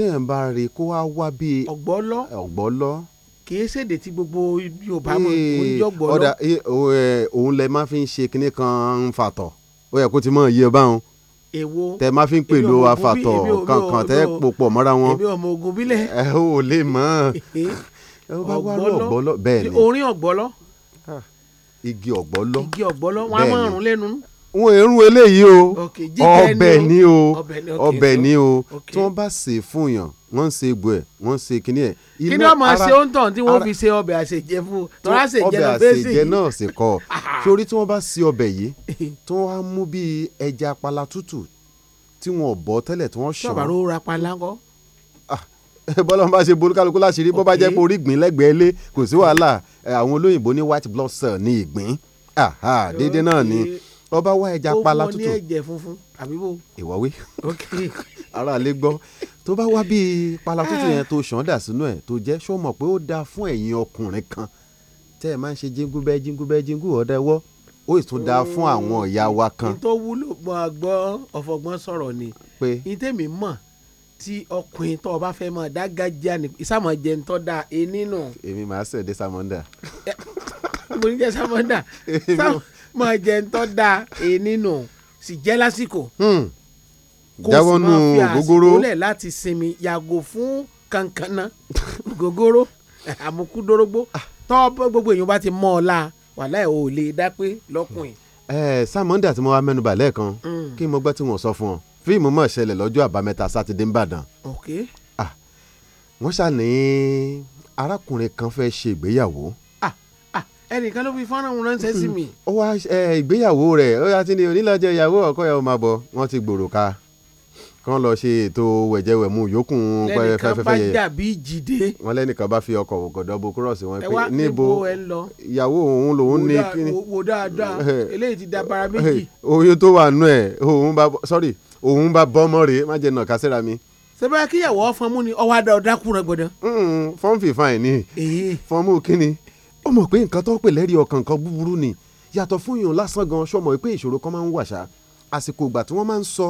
téèyàn bá rí kó wá wá bíi. ọ̀gbọ́lọ́ ọ̀gbọ́lọ́. kì í ṣèdè tí gbogbo Yorùbá mọ̀ kò ń jọ̀gbọ́lọ́. ọ̀dà òun lẹ máa fi ń ṣe kinní kan ń fàtọ̀ ó yẹ kó ti mọ̀ iye báwọn èwo tẹ máa fi ń pèlò àfàtọ̀ kankan tẹ pò pọ̀ mọ́ra wọn èmi ọmọ ogun bílẹ̀ ẹ ò lè mọ̀ ọ̀gbọ́lọ́ bẹ́ẹ̀ ni orin ọ̀gbọ́lọ́ ah, igi ọ̀gbọ́lọ́ igi ọ̀gbọ́lọ́ wọn a máa rún lẹ́nu wọn èrú eléyìí o ọbẹ̀ ni o ọbẹ̀ ni o tí wọ́n bá sè fún yàn wọ́n ṣe egbò ẹ̀ wọ́n ṣe kíní ẹ̀. kí ọmọ ṣe ó ń tàn tí wọ́n fi ṣe ọbẹ̀ àṣejẹ fún tọ́lá ṣèjẹ náà bẹ́ẹ̀ sì yìí. náà sì kọ́ sórí (laughs) tí wọ́n bá ṣe ọbẹ̀ yìí (laughs) tí wọ́n á mú bíi ẹja apala tútù tí wọ́n ò bọ́ tí wọ́n ṣàn. sọ̀bàrò ra apala ńkọ́ ah, (laughs) bọ́lá wọn bá ṣe bolúkálukú láṣìírí bó bá jẹ́ pé orí eh, ìgbín lẹ́gbẹ̀ẹ́ lọ́ba wá ẹja pala tútù. ó wọ ní ẹ̀jẹ̀ funfun àbí bò. ìwọ wí (laughs) ara lè gbọ́ tó bá wá bíi pala tútù yẹn tó ṣàn dà sínú ẹ̀ tó jẹ́ ṣó mọ̀ pé ó dáa fún ẹ̀yin ọkùnrin kan tẹ́ ẹ máa ń ṣe jingubẹ́ jingubẹ́ jingu ọ̀dà ẹwọ́ ó sì tún dáa fún àwọn ìyá wa kan. tó wúlò mọ́ àgbọ̀ ọ̀fọ̀gbọ́n sọ̀rọ̀ ni pé ìtẹ̀mí mọ̀ tí ọkùnrin tó o bá fẹ́ mọ̀ dágájá ni ìsàmọ̀ jẹ́ ń tọ́ da e èmi màá sẹ̀ dé sàmọ́ndà. mo ní jẹ́ sàmọ́ndà. (laughs) mọ jẹ ń tọ́ da èyí nínú sì jẹ́ lásìkò hmm. kò sì máa fi àsìkò lẹ̀ láti sinmi yàgò fún kankanna gògóró (laughs) àmukúdórógbó ah. tọ́ gbogbo èèyàn bá ti mọ́ ọ la wàhálà ẹ̀ ò lè dá pé lọ́kùnrin. ẹ sàmọ́ndà tí mo wá mẹ́nuba lẹ́ẹ̀kan hmm. kí mo gbọ́ tí wọ́n sọ fún ọ fíìmù mọ̀ ṣẹlẹ̀ lọ́jọ́ àbámẹ́ta sátidé ń bàdàn. ok. Ah. wọ́n ṣàní arákùnrin kan fẹ́ ṣe ìgbéyàwó ẹnìkan ló fi fọ́nrán òun ránṣẹ́ sí mi. ó wá ìgbéyàwó rẹ̀ ó yà ti ní onílọ́jọ́ ìyàwó ọkọ ìyàwó máa bọ̀ wọ́n ti gbòòrò ká kán lọ ṣe ètò wẹ̀jẹ̀wẹ̀mú yòókùn fẹ́fẹ́fẹ́ yẹ. lẹ́nìkan bá dàbí jìde. wọ́n lẹ́nìkan bá fi ọkọ̀ ògọ̀dọ̀ bo kúrọ̀sì wọn pé níbo ìyàwó òun lòun ní. wo dáadáa eléyìí ti da bara méjì. oyún tó wà nù ẹ̀ òun bá sọ́rí òun bá bọ́ mọ́ rèé má jẹ́ nà kásẹ́ra mi sẹ́bẹ̀rẹ̀ kíyàwó ọ̀fọ̀n mú ni ọwọ́ adá ọ̀dá kúrọ̀ gbọ́dọ̀. fọ́n fìfà ẹ̀ ní fọ́n mú kínni mọ̀ pé nǹkan tó ń pè lẹ́rìí ọkàn kan búburú ni yàtọ̀ fún èèyàn lásán gan ṣó mọ̀ pé ìṣòro kan máa ń wà ṣá àsìkò ìgbà tí wọ́n máa ń sọ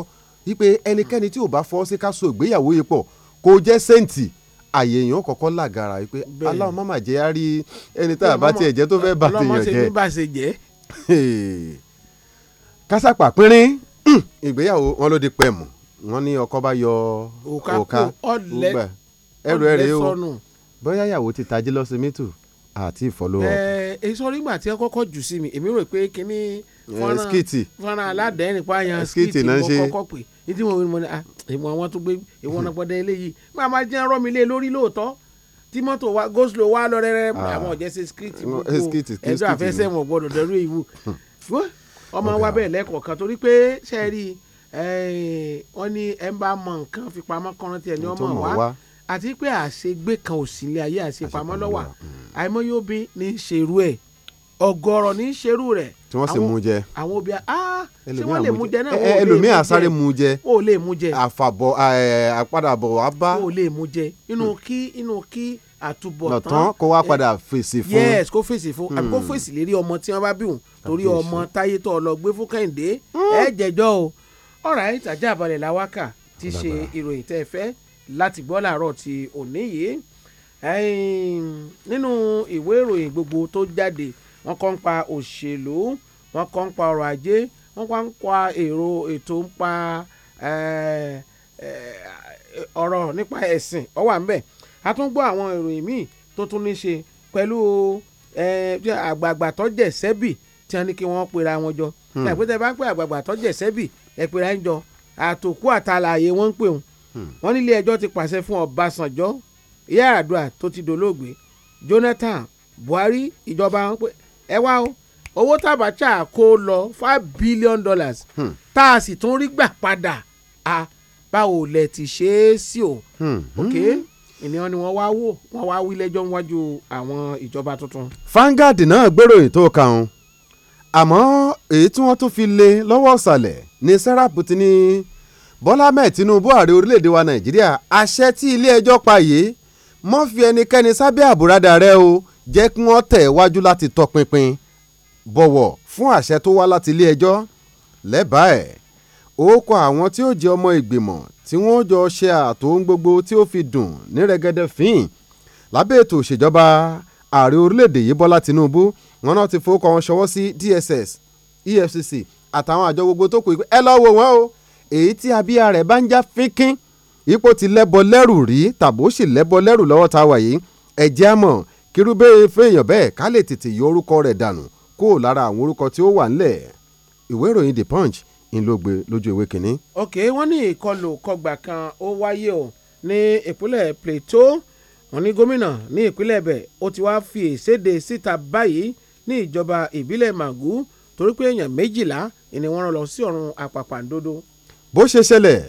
wípé ẹnikẹ́ni tí ò bá fọ́ sí ká so ìgbéyàwó yìí pọ̀ kó jẹ́ sẹ́ǹtì àyè èèyàn kọ́kọ́ làgàrà wípé aláwọ̀ má má jẹ́ á rí ẹni tá a bá tiẹ̀ jẹ́ tó fẹ́ bá tiẹ̀ jẹ́ kásápà pínrín hmm. ìgbéyàwó wọn ló di pẹ̀mù wọn ní ọkọ bá yọ òkà ẹrù ẹrù bóyá ìyàwó ti tají lọ àti follow up. ẹ ẹ sọ nígbà tí ẹ kọ́kọ́ jù sí mi èmi rò pé kíní eh, fọ́nrán aládẹ́rìn pààyàn skiti mo kọ́kọ́ pé ní tí mo wí ni mo ní ìmọ̀ àwọn tó gbé ìwọ̀n náà gbọ́dọ̀ eléyìí máa máa jẹ́ rọ́mi lé lórí lóòótọ́ tí mọ́tò wa goslo wa lọ rẹ́rẹ́ ah. àwọn ọ̀jẹ̀ ṣe skiti mo kó ẹjọ́ àfẹsẹ̀ mọ̀ gbọ́dọ̀ dẹ̀rú ìwú hmm. ọmọ wa bẹ́ẹ̀ lẹ́kọ̀ọ̀kan torí pé ṣẹ́ẹ̀rì eh, wọ́n ní ẹ̀ ń bá mọ nǹkan fipamọ́ kọ́ńtì ẹ̀ ní ọmọ wa àti pé àṣegbé kan ò sí ilé ayé àṣepamọ́ lọ́wọ́ mm. àìmọye òbí ní í ṣerú ẹ̀ ọ̀gọ̀rọ̀ ní í ṣerú rẹ̀. tí wọ́n sì mú jẹ. àwọn òbí ah ṣé wọ́n lè mú jẹ náà. ẹlòmíì àsáré mú jẹ. o lè mú jẹ. àfàbọ̀ àpadàbọ̀ wá bá. o lè mú jẹ inú hmm. kí inú kí àtúbọ̀tán kó wá padà fèsì fún. yes kó fèsì fún àbí kó hmm. fèsì lérí ọmọ tí wọ́n bá bí òun torí ọmọ táyé tó lọ gbé fún kẹ́hìndé hmm. ẹ jẹjọ́ o ọ̀rọ̀ àyíntàjà àbálẹ̀ làwákà ti ṣe ìròyìn tẹ́ fẹ́ láti gbọ́ làárọ̀ ti òní yìí nínú ìwé ìròyìn gbogbo tó jáde wọ́n kọ́ ń pa òṣèlú wọ́n kọ́ ń pa ọrọ̀ ajé wọ́n kọ́ ń pa èrò ètò ń pa ọ̀rọ̀ nípa ẹ̀sìn ó wà ń bẹ̀ a tún gbọ́ àwọn ìròyìn míì tó tún ní ṣe pẹ̀lú àgbààgbà tó jẹ̀ sẹ́bì tí wọ́n ní kí wọ́n pera wọn jọ. ìpínlẹ̀ hmm. bá ń àgbààgbà tó sẹ́bì ẹ̀ pera ń jọ àtòkú àtàlàyé wọ́n ń pè wọn wọ́n nílé ẹjọ́ ti pàṣẹ fún Ọbásanjọ́ Yar'Adua tó ti dolóògbé Jonathan Buhari ìjọba wọn pé ẹ wá o owó tàbátà kó lọ five billion dollars hmm. tá a sì tún rí gbà padà a báwo lẹ ti ṣe é sí o hmm. ok ìníwọ́n ni wọ́n wá wò wọ́n wá wí lẹ́jọ́ níwájú àwọn ìjọba tuntun. Vanguard náà gbèrò ètò karùn-ún àmọ́ èyí tí wọ́n tún fi lé lọ́wọ́ ọ̀sàlẹ̀ ni Serap ti ní. Ni bọ́lá ahmed tinubu ààrẹ orílẹ̀‐èdè wa nàìjíríà àṣẹ tí ilé-ẹjọ́ pa yìí mọ́ fi ẹnikẹ́ni sábẹ́ àbùradà rẹ o jẹ́ kí wọ́n tẹ̀ wájú láti tọpinpin bọ̀wọ̀ fún àṣẹ tó wá láti ilé-ẹjọ́ lẹ́bàá ẹ̀ ó kọ àwọn tí ó jẹ́ ọmọ ìgbìmọ̀ tí wọ́n jọ ṣe àtòun gbogbo tí ó fi dùn ní rẹ́gẹ́dẹ́ fín lábẹ́ ètò òṣèjọba ààrẹ orílẹ̀‐èdè yìí bọ́lá tinubu wọn náà ti fowó wọn ṣọwọ́ sí dss efcc àtàwọn àjọ gbogbo tó kù ẹ lọ́ọ́ wò wọ́n o èyí tí abíyá rẹ̀ bá ń já fínkín ipò ti lẹ́bọ lẹ́rù rí tàbó sì lẹ́bọ lẹ́rù lọ́wọ́ ta wà yìí ẹ̀jẹ̀ àmọ̀ kírúbẹ́ fẹ́yàn bẹ́ẹ̀ ká lè tètè yọ orúkọ rẹ̀ dànù kó o lára àwọn orúkọ tí ó wà ńlẹ̀ ìwé ìròyìn the punch ń ló gbé lójú ìwé kìíní. ok wọ́n ní ìkọlù kọgbà kan ó wáyé o ní ìpínlẹ̀ plateau wọ́n ní gómìnà ní ìpínlẹ̀ ibẹ̀ ó ti wá fi ìséde síta báyìí ní ìjọba ìbílẹ̀ màgú torí pé èèyàn méjìlá ni lọ sí ọ̀run àpàpàǹdodo bó ṣe ṣẹlẹ̀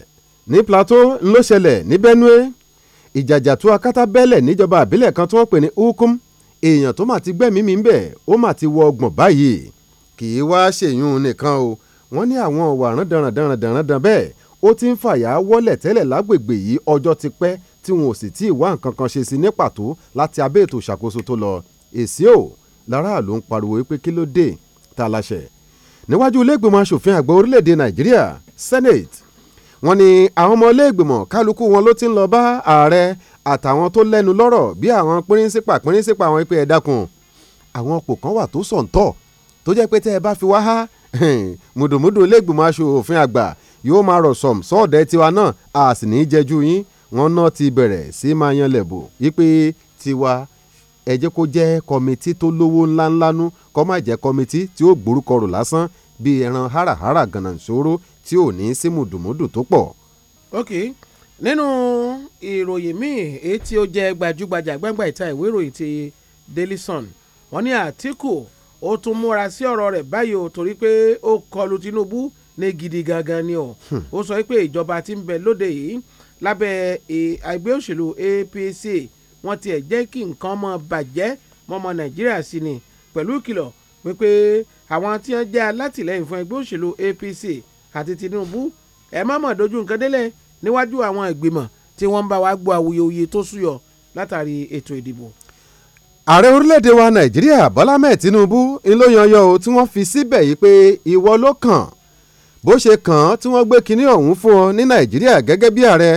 ní plateau ló ṣẹlẹ̀ ní benue ìjàjàtú akátá bẹ́lẹ̀ níjọba àbílẹ̀ kan tí wọ́n pè ní ukum èèyàn tó mà ti gbẹ̀mí mi ń bẹ̀ ó mà ti wọ ọgbọ̀n báyìí kì í wá ṣèyún nìkan o wọ́n ní àwọn ọ̀wà rándanrandanrandanrandan bẹ́ẹ̀ ó ti ń fàyà wọ́lẹ̀ tẹ́lẹ̀ lágbègbè yìí ọjọ́ ti pẹ́ tí wọn ò sì tí ì wá nǹkan kan ṣe sí ní pàtó láti abẹ́ ètò ìṣàkóso tó lọ èsì ò láràlú ń pariwo pé kí ló dé tá láṣẹ níwájú ilé ìgbìmọ̀ asòfin àgbà orílẹ̀-èdè nàìjíríà senate wọ́n ní àwọn ọmọ iléègbìmọ̀ kálukú wọn ló ti ń lọ bá ààrẹ àtàwọn tó lẹ́nu lọ́rọ̀ bí àwọn pírínsípà pírínsípà àwọn ìpè ẹ̀dákun àwọn ọ̀pọ̀ kan wà tó sọ̀ǹtọ̀ tó jẹ́ pé tẹ́ ẹ bá fi wá há (laughs) mùdùmùdù iléègbìmọ̀ aṣòfin àgbà yóò máa rọ̀ sọ̀m sọ́ọ̀dẹ́ tiwa náà a sì ní í jẹ́jú yín wọn náà ti bẹ̀rẹ̀ sí máa yan lẹ̀bù wípé tiwa ẹ jẹ́ kó jẹ́ kọmitì tó lówó ńláńlánú kó má jẹ́ kọmitì tí ó gbórúkọ lásán bíi ẹran háràhárà gànà ìṣòro tí ò ní sí mùdùmùdù tó pọ̀. ok nínú ìròyìn míì èyí tí ó jẹ́ gbajúgbajà gbangba ìta ìwé ìròyìn ti Daily Sun wọ́n ní Àtíkù ó tún múra sí ọ̀rọ̀ rẹ̀ báyìí ó torí pé ó kọlu Tinubu ní gidi gangan ni o hmm. ó sọ pé ìjọba tí ń bẹ lóde yìí lábẹ́ ẹgbẹ́ òṣèlú APC wọ́n tiẹ̀ jẹ́ kí nǹkan mọ́ bàjẹ́ mọ́mọ Nàìjíríà sí ni pẹ̀lú ìkìlọ̀ wípé àwọn tí wọ́n jẹ́ alátìlẹ́yìn fún ẹgbẹ́ òṣèlú APC àti Tinubu ẹ má mọ̀ dojú nǹkan délẹ̀ níwájú àwọn ìgbìmọ̀ tí wọ́n ń bá wa gbọ́ awuyewuye tó súyọ látàrí ètò ìdìbò. ààrẹ orílẹ̀-èdè wa nàìjíríà bọ́lá mẹ́ẹ̀ Tinubu ńlọ́yọ̀yọ̀ o tí wọ́n fi síbẹ̀ yìí pé ìwọ ló kàn bó ṣe kàn tí wọ́n gbé kinní ọ̀hún fún ọ ní nàìjíríà gẹ́gẹ́ bí ààrẹ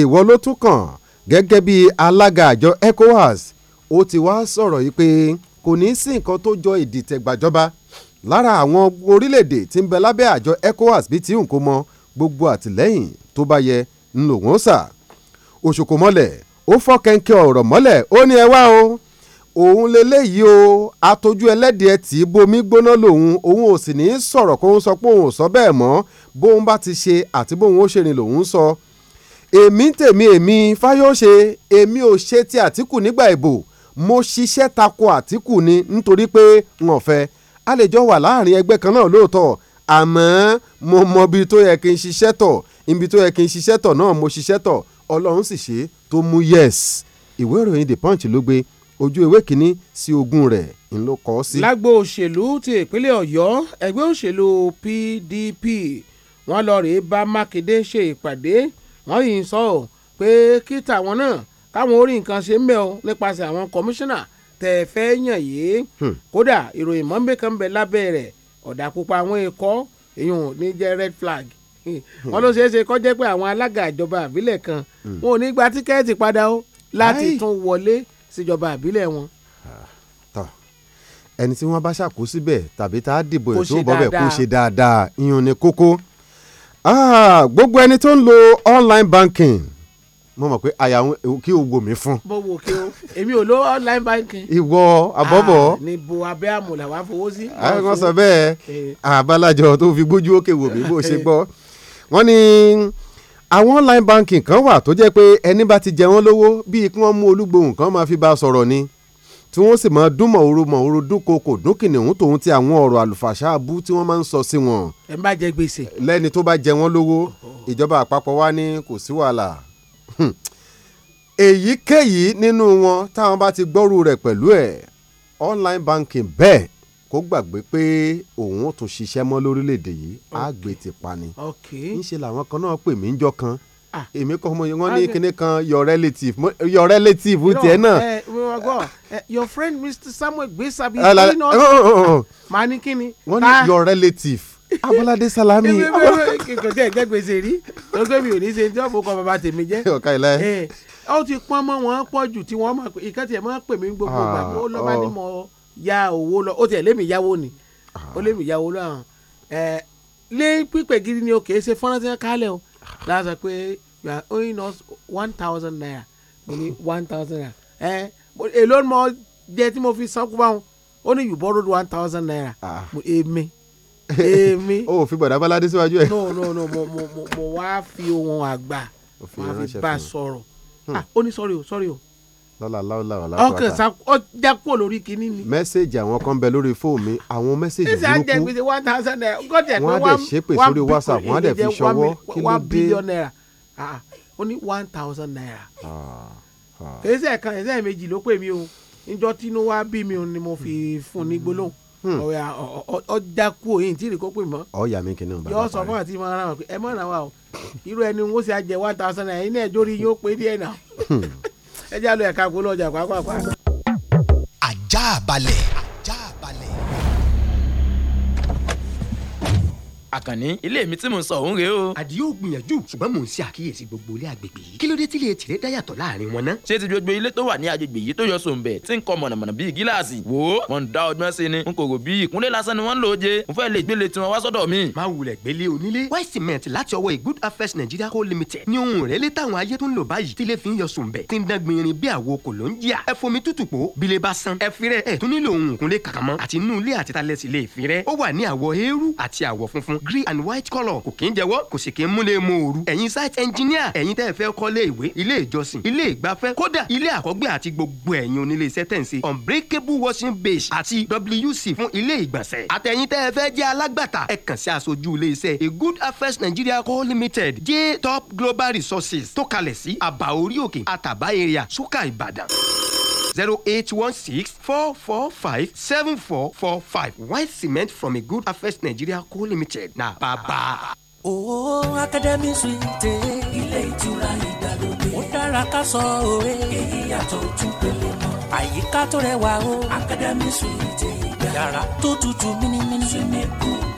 ìwọ ló tún kàn gẹ́gẹ́ bí alága àjọ ECOWAS ó ti wá sọ̀rọ̀ yìí pé kò ní sí nǹkan tó jọ ìdìtẹ̀gbàjọba lára àwọn orílẹ̀-èdè tí ń bẹ lábẹ́ àjọ ECOWAS bíi tí nǹkó mọ gbogbo àtìlẹ́yìn tó bá yẹ ńlòwọ́n sà òṣòkò mọ́lẹ̀ ó fọ́ kẹ́ńkẹ́ ọ̀rọ̀ mọ́lẹ̀ ó ní ẹ wá o òun leléyìí o atojú ẹlẹ́dìẹ tí bomi gbóná lòun òun ò sì ní í sọ̀rọ̀ kó ń sọ pé òun ò sọ bẹ́ẹ̀ mọ́ bóun bá ti ṣe àti bóun ó ṣe ni lòun sọ èmi tèmi èmi Fáyọ̀ṣe èmi ò ṣe ti Àtíkù nígbà ìbò mo ṣiṣẹ́ tako Àtíkù ni nítorí pé n ò a lè jọ wà láàrin ẹgbẹ́ kan náà lóòótọ́ àmọ́ mo mọ ibi tó yẹ kí n ṣiṣẹ́ tọ̀ ibi tó yẹ kí n ṣiṣẹ́ tọ̀ náà mo ṣiṣẹ́ tọ̀ ọlọ́run sì ṣe tó mú yes ìwé ìròyìn the punch ló gbé ojú ewé kínní sí ogún rẹ̀ ń ló kọ sí. lágbo òṣèlú ti ìpínlẹ̀ ọ̀yọ́ ẹgbẹ́ òṣèlú pdp wọ́n lọ rèé bá mákindé ṣe ìpàdé wọ́n yìí sọ pé kí tàwọn náà káwọn orí nǹkan ṣe ń bẹ̀ ọ́ nípasẹ̀ àwọn kọmíṣánná tẹ́ ẹ fẹ́ yàn yìí hmm. kódà ìròyìn mọ́ńbé kan bẹ lábẹ́ rẹ̀ ọ̀dà pupa àwọn ikọ́ èyàn ò ní jẹ́ red flag hmm. hmm. wọn ló ṣeé ṣe kó jẹ́ pé àwọn alága ìjọba àbílẹ̀ kan wọn ò ní gba tíkẹ́ẹ̀tì padà ó láti tún wọlé síjọba àbílẹ̀ wọn ah, ẹni tí wọ́n bá ṣàkó síbẹ̀ tàbí tá a dìbò ètò ìbọ̀bẹ̀ kó ṣe dáadáa ìyún ni kókó. Ah, gbogbo ẹni tó ń lo online banking mo mọ̀ pé àyà kí o wò mí fún. mo wò kí o èmi ò lọ online banking. ìwọ àbọ̀bọ̀. Ah, ní bo abẹ́ àmùlà wàá fowó sí. àwọn sọ bẹ́ẹ̀ àbálàjọ eh. ah, tó fi gbójú òkè wò mí bó ṣe eh. gbọ́. wọ́n ní àwọn online banking kan wà tó jẹ́ pé ẹni bá ti jẹ wọ́n lówó bíi kí wọ́n mú olúgbòhùn kan máa fi bá a sọ̀rọ̀ ni tí wọ́n sì máa dún mọ̀ọ́rọ̀ mọ̀ọ́rọ̀ dúnkokò dúnkìnìún tòun ti àwọn ọ̀rọ̀ àlùfàṣà abú tí wọ́n máa ń sọ sí wọn. ẹ má jẹ gbèsè. lẹ́ni tó bá jẹ wọ́n lówó ìjọba àpapọ̀ wa ní kò sí wàhálà Hmm. èyíkéyìí nínú wọn táwọn bá ti gbọ́rú rẹ̀ pẹ̀lú ẹ̀ online banking bẹ́ẹ̀ kó gbàgbé pé òun tún ṣiṣẹ́ mọ́ lórílẹ̀‐èdè yìí á ti pa ni ńṣe làwọn kan náà pè mí ń jọ kan èmi kọ́ ọmọ yẹn ní kinní kan your relative your relative tiẹ̀ náà. your friend Mr. Samuel gbèsàbí. Oh, oh, oh, màá ní kíni. wọ́n ní your relative. Abọ́ládé Salami. kò tẹ́ ẹ jẹ́ gbèsè rí lọ́gbẹ́ mi ò ní ṣe tí wọ́n fọkàn bàbá tèmi jẹ́. ọ̀ka ìlà ẹ̀. ó ti pọ́n mọ́ wọn pọ̀ jù tí wọ́n máa pè ìkan tiẹ̀ máa pè mí gbogbo ìgbà ah, ó lọ́ba ní oh. mo ya owó lọ ó tiẹ̀ lémi yáwó ni ó lémi yáwó lọ àwọn. lé pípẹ́ gidi ni o kì í ṣe fọ́nrán tí wọ́n kálẹ̀ o láti pé you are owing us one thousand naira mo ní one thousand naira ẹ èló ni mo jẹ tí mo fi sankú báwọn ó ní you borrowed one thousand naira ah. èmi. Ah èmi. (laughs) o ò fi bọ̀dá bọ́ládé síwájú ẹ̀. no no no mo mo mo mo wá fi ohun àgbà wá fi bá sọ̀rọ̀ hmm. ah ó ní sọ́rí o sọ́rí o. lọ́la láwùlà wà lápá ta ọkàn sa ọ já kúrò lórí kinní ni. mẹ́sẹ̀gì àwọn kan bẹ lórí fóònù mi àwọn mẹ́sẹ̀gì burúkú. ẹsẹ̀ àjẹgbèsè one thousand naira gọ́dẹ̀ ní one one billion naira ah, ah, ó ní one thousand naira. Ah, kèsì ẹ̀kan ẹ̀sẹ̀ méjì ló pè mí o níjọ́ tínú wá bí mi ni mo fi fún un ní gbólóhùn ọjà kú òyìn tí ìrìkọ́ pè mọ́. ọ̀ọ́yà mi kìnnìún bàbá rẹ. yọ sọ fún àti ìmọ̀ràn wa pé ẹ mọ̀ràn wa o irú ẹni wọ́n ṣe àjẹ one thousand naira iná ẹjọ́ rí yóò pé díẹ̀ náà hmm. ẹ jẹ́ àlọ́ ẹ̀ka kó lọ́jà pàápàá. ajá balẹ̀. àkànní ilé mi tí mò ń sọ òun rèé o. àdìyó gbìyànjú ṣùgbọ́n mò ń ṣe àkíyèsí gbogbo ilé agbègbè yìí kí ló dé tí ilé tìrẹ dá yàtọ̀ láàrin wọn ná. ṣé ti gbogbo ilé tó wà ní agbègbè yìí tó yọ sòǹbẹ tí ń kọ mọ̀nàmọ̀nà bíi gíláàsì wò ó wọ́n ń dá ọgbọ́n sí ni n kò rò bí ìkúnlẹ̀ lásán ni wọ́n ń lò ó mo fẹ́ lè gbélé tiwọn wá sọ́dọ̀ mi. má wulẹ̀ gbélé onílé white cement láti ọwọ́ good affairs nigeria co limited ni ohun rẹ̀ lé táwọn ayé tó ń lò báyìí tí ilé fi ń yọ sòǹbẹ tí ń dán gbinrin bí àwo kò ló ń jìyà ẹ fomi tútù pò bílé bá san ẹ fi rẹ ẹ tún nílò ohun ìkúnlẹ̀ kàkàmọ́ àti inú ilé àti talẹ́sì lè fi rẹ ó wà ní àwọ̀ eérú àti àwọ̀ funfun green and white colour kò kí ń jẹ́wọ́ kò sì kí ń múlẹ̀ mọ òru ẹ̀yin site engineer ẹ̀yin tẹ́ ẹ fẹ́ kọ́lé ìwé ilé ìjọsìn ilé ìgbafẹ́ kódà ilé àkọ́gbé àti gbogbo ẹ̀yin onílé iṣẹ́ tẹ̀sí unbreakable washing base àti WC fún ilé ìgbọ̀nsẹ̀ àtẹ̀yin tẹ́ ẹ fẹ́ jẹ́ alágbàtà ẹ kàn sí aṣojú ilé iṣẹ́ a good affairs Nigeria co limited j top global resources tó kalẹ̀ sí àbá orí òkè àtàbá area ṣúkà Ìbàdàn zero eight one six four four five seven four four five white cement from a good affairs nigeria co limited na baba. owó oh, akademi suwite ilé ìtura ìgbàlódé ó dára ká sọ òwe èyí yàtọ̀ ojú pele mọ́ àyíká tó rẹwà o akademi suwite yàrá tó tutù mímímí. swimming pool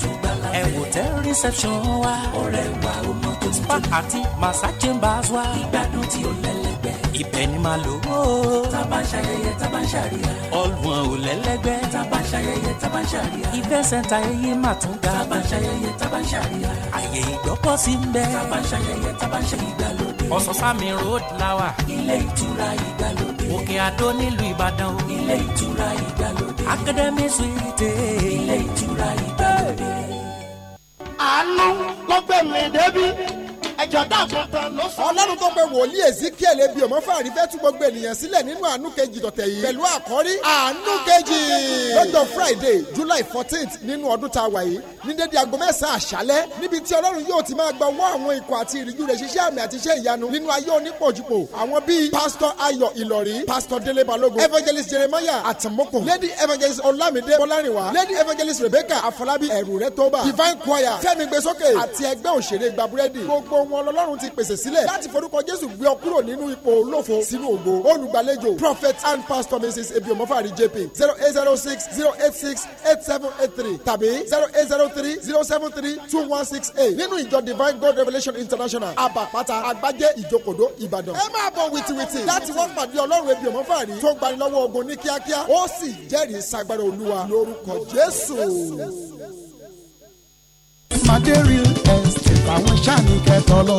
ẹ wò tẹ́ reception wa ọ̀rẹ́ wa ó mọ tó ti tó spa àti massage chambers wa ìgbádùn tí ó lẹ́lẹ́gbẹ́ ibẹ̀ ni màá lò ó. tábà ń ṣayẹyẹ tábà ń ṣàríyá ọlùwọ̀n ò lẹ́lẹ́gbẹ́ tábà ń ṣayẹyẹ tábà ń ṣàríyá ìfẹ́ sẹ́ńtà ẹyẹ mà tún ga tábà ń ṣayẹyẹ tábà ń ṣàríyá àyè ìgbọ́pọ̀ sí ń bẹ tábà ń ṣayẹyẹ tábà ń ṣe ìgbàlódé ọ̀sánsámi road lawa ilé ìtura ìgbàlódé òkè àdó nílùú ìbàdàn ilé ìtura ìgbàlódé academy suite ilé ìtura ìgbàlódé àánú ló gbẹ̀mí débi ẹjọ́ dákun tán ọlọ́run tó pe wòlíì ezekiel ebi òmò fàárí fẹ́ tú gbogbo ènìyàn sílẹ̀ nínú àánú kejì tọ̀tẹ̀ yìí pẹ̀lú àkọ́rí àánú kejì. lọ́jọ́ friday july fourteenth nínú ọdún tá a wà yìí ní dédé aago mẹ́sàn-án àṣálẹ́ níbi tí ọlọ́run yóò ti máa gba ọwọ́ àwọn ikọ̀ àti ìrìjú rẹ̀ ṣiṣẹ́ àmì àti iṣẹ́ ìyanu nínú ayé onípòjúpò àwọn bíi pastor ayọ̀ ìlọ̀rí pastor délé balógun evangelist jeremiah àtìmọ́kò lady evangelist olamide bọ́lárìnwá lady evangelist rebecca afọlábí ẹ̀rù rẹ̀ tó bá divine choir fẹ́mi gbèsókè àti ẹgbẹ́ òṣèré gbaburẹ́dì gbogbo w ọmọ ọlọ́run ti pèsè sílẹ̀ láti forúkọ jésù gbé ọ kúrò nínú ipò olófo sínú ògo olùgbàlejò prophet and pastor mrs ebiomofari jp zero eight zero six zero eight six eight seven eight three tàbí zero eight zero three zero seven three two one six eight nínú ìjọ divine god revelation international abapata agbájé ìjókòdó ìbàdàn. ẹ máa bọ̀ wìtìwìtì láti wọ́n pàdé ọlọ́run ebiomofari tó gbanilọ́wọ́ ogun ní kíákíá ó sì jẹ́rìí sagbára olúwa lórúkọ jésù adé real estate àwọn sáà ní kẹtọ lọ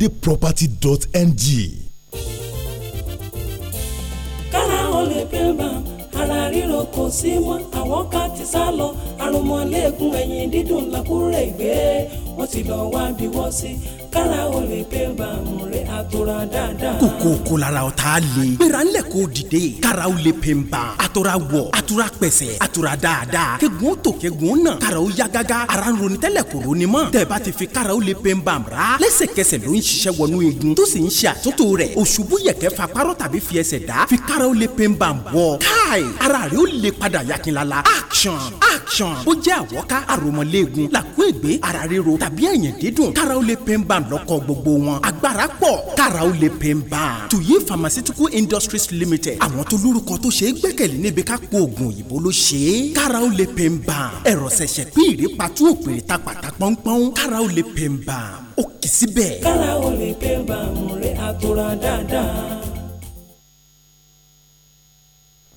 adeproperty.ng. kára ó lè bá ara ríro kò sí mọ́ àwọn ká ti sá lọ àròmọ́ léegun ẹ̀yìn dídùn làkúrẹ́ ìgbé ó ti lọ wá bí wọ́n sí kára o lè pé bàmù rẹ̀ àtòrà dáadáa. kòkó kò lára ọ̀tá le gbéra ńlẹ̀ kò dìde kára o lè pè ń bà àtòrà wọ̀ àtòrà pẹ̀sẹ̀ àtòrà dáadáa kẹ́gun tó kẹ́gun náà kára o yá gágá ara ń ronú tẹ́lẹ̀ kò ronú mọ́ tẹ̀bá ti fi kára o lè pè ń bà rà lẹ́sẹ̀kẹsẹ̀ ló ń ṣiṣẹ́ wọnú igun tó sì ń ṣe àtúntò rẹ̀ òṣùbù yẹ̀kẹ́ fa párọ̀ tàbí fi ẹsẹ̀ dá fi kára o lè pè ń bà wọ̀ káì ara rẹ̀ ó lè padà action action ó jẹ́ àwọ́ká àròmọ̀lẹ́gun làkúègbé ara ríro tàb dàbí ẹ̀yìn dídùn karaw le pen ban lọ́kọ̀ gbogbo wọn agbára pọ̀ karaw le pen ban. tuyi pharmaceutical industries limited àwọn tó lórúkọ tó ṣe é gbẹ́kẹ̀lé níbi ká po oògùn òyìnbó ló ṣe é karaw le pen ban ẹ̀rọ ṣẹ̀ṣẹ̀ pín ìrèpàtú òpèrè ta pàtà pọ́npọ́n karaw le pen ban ó kì í síbẹ̀. karaw le pen ban mo rí àtúrà dáadáa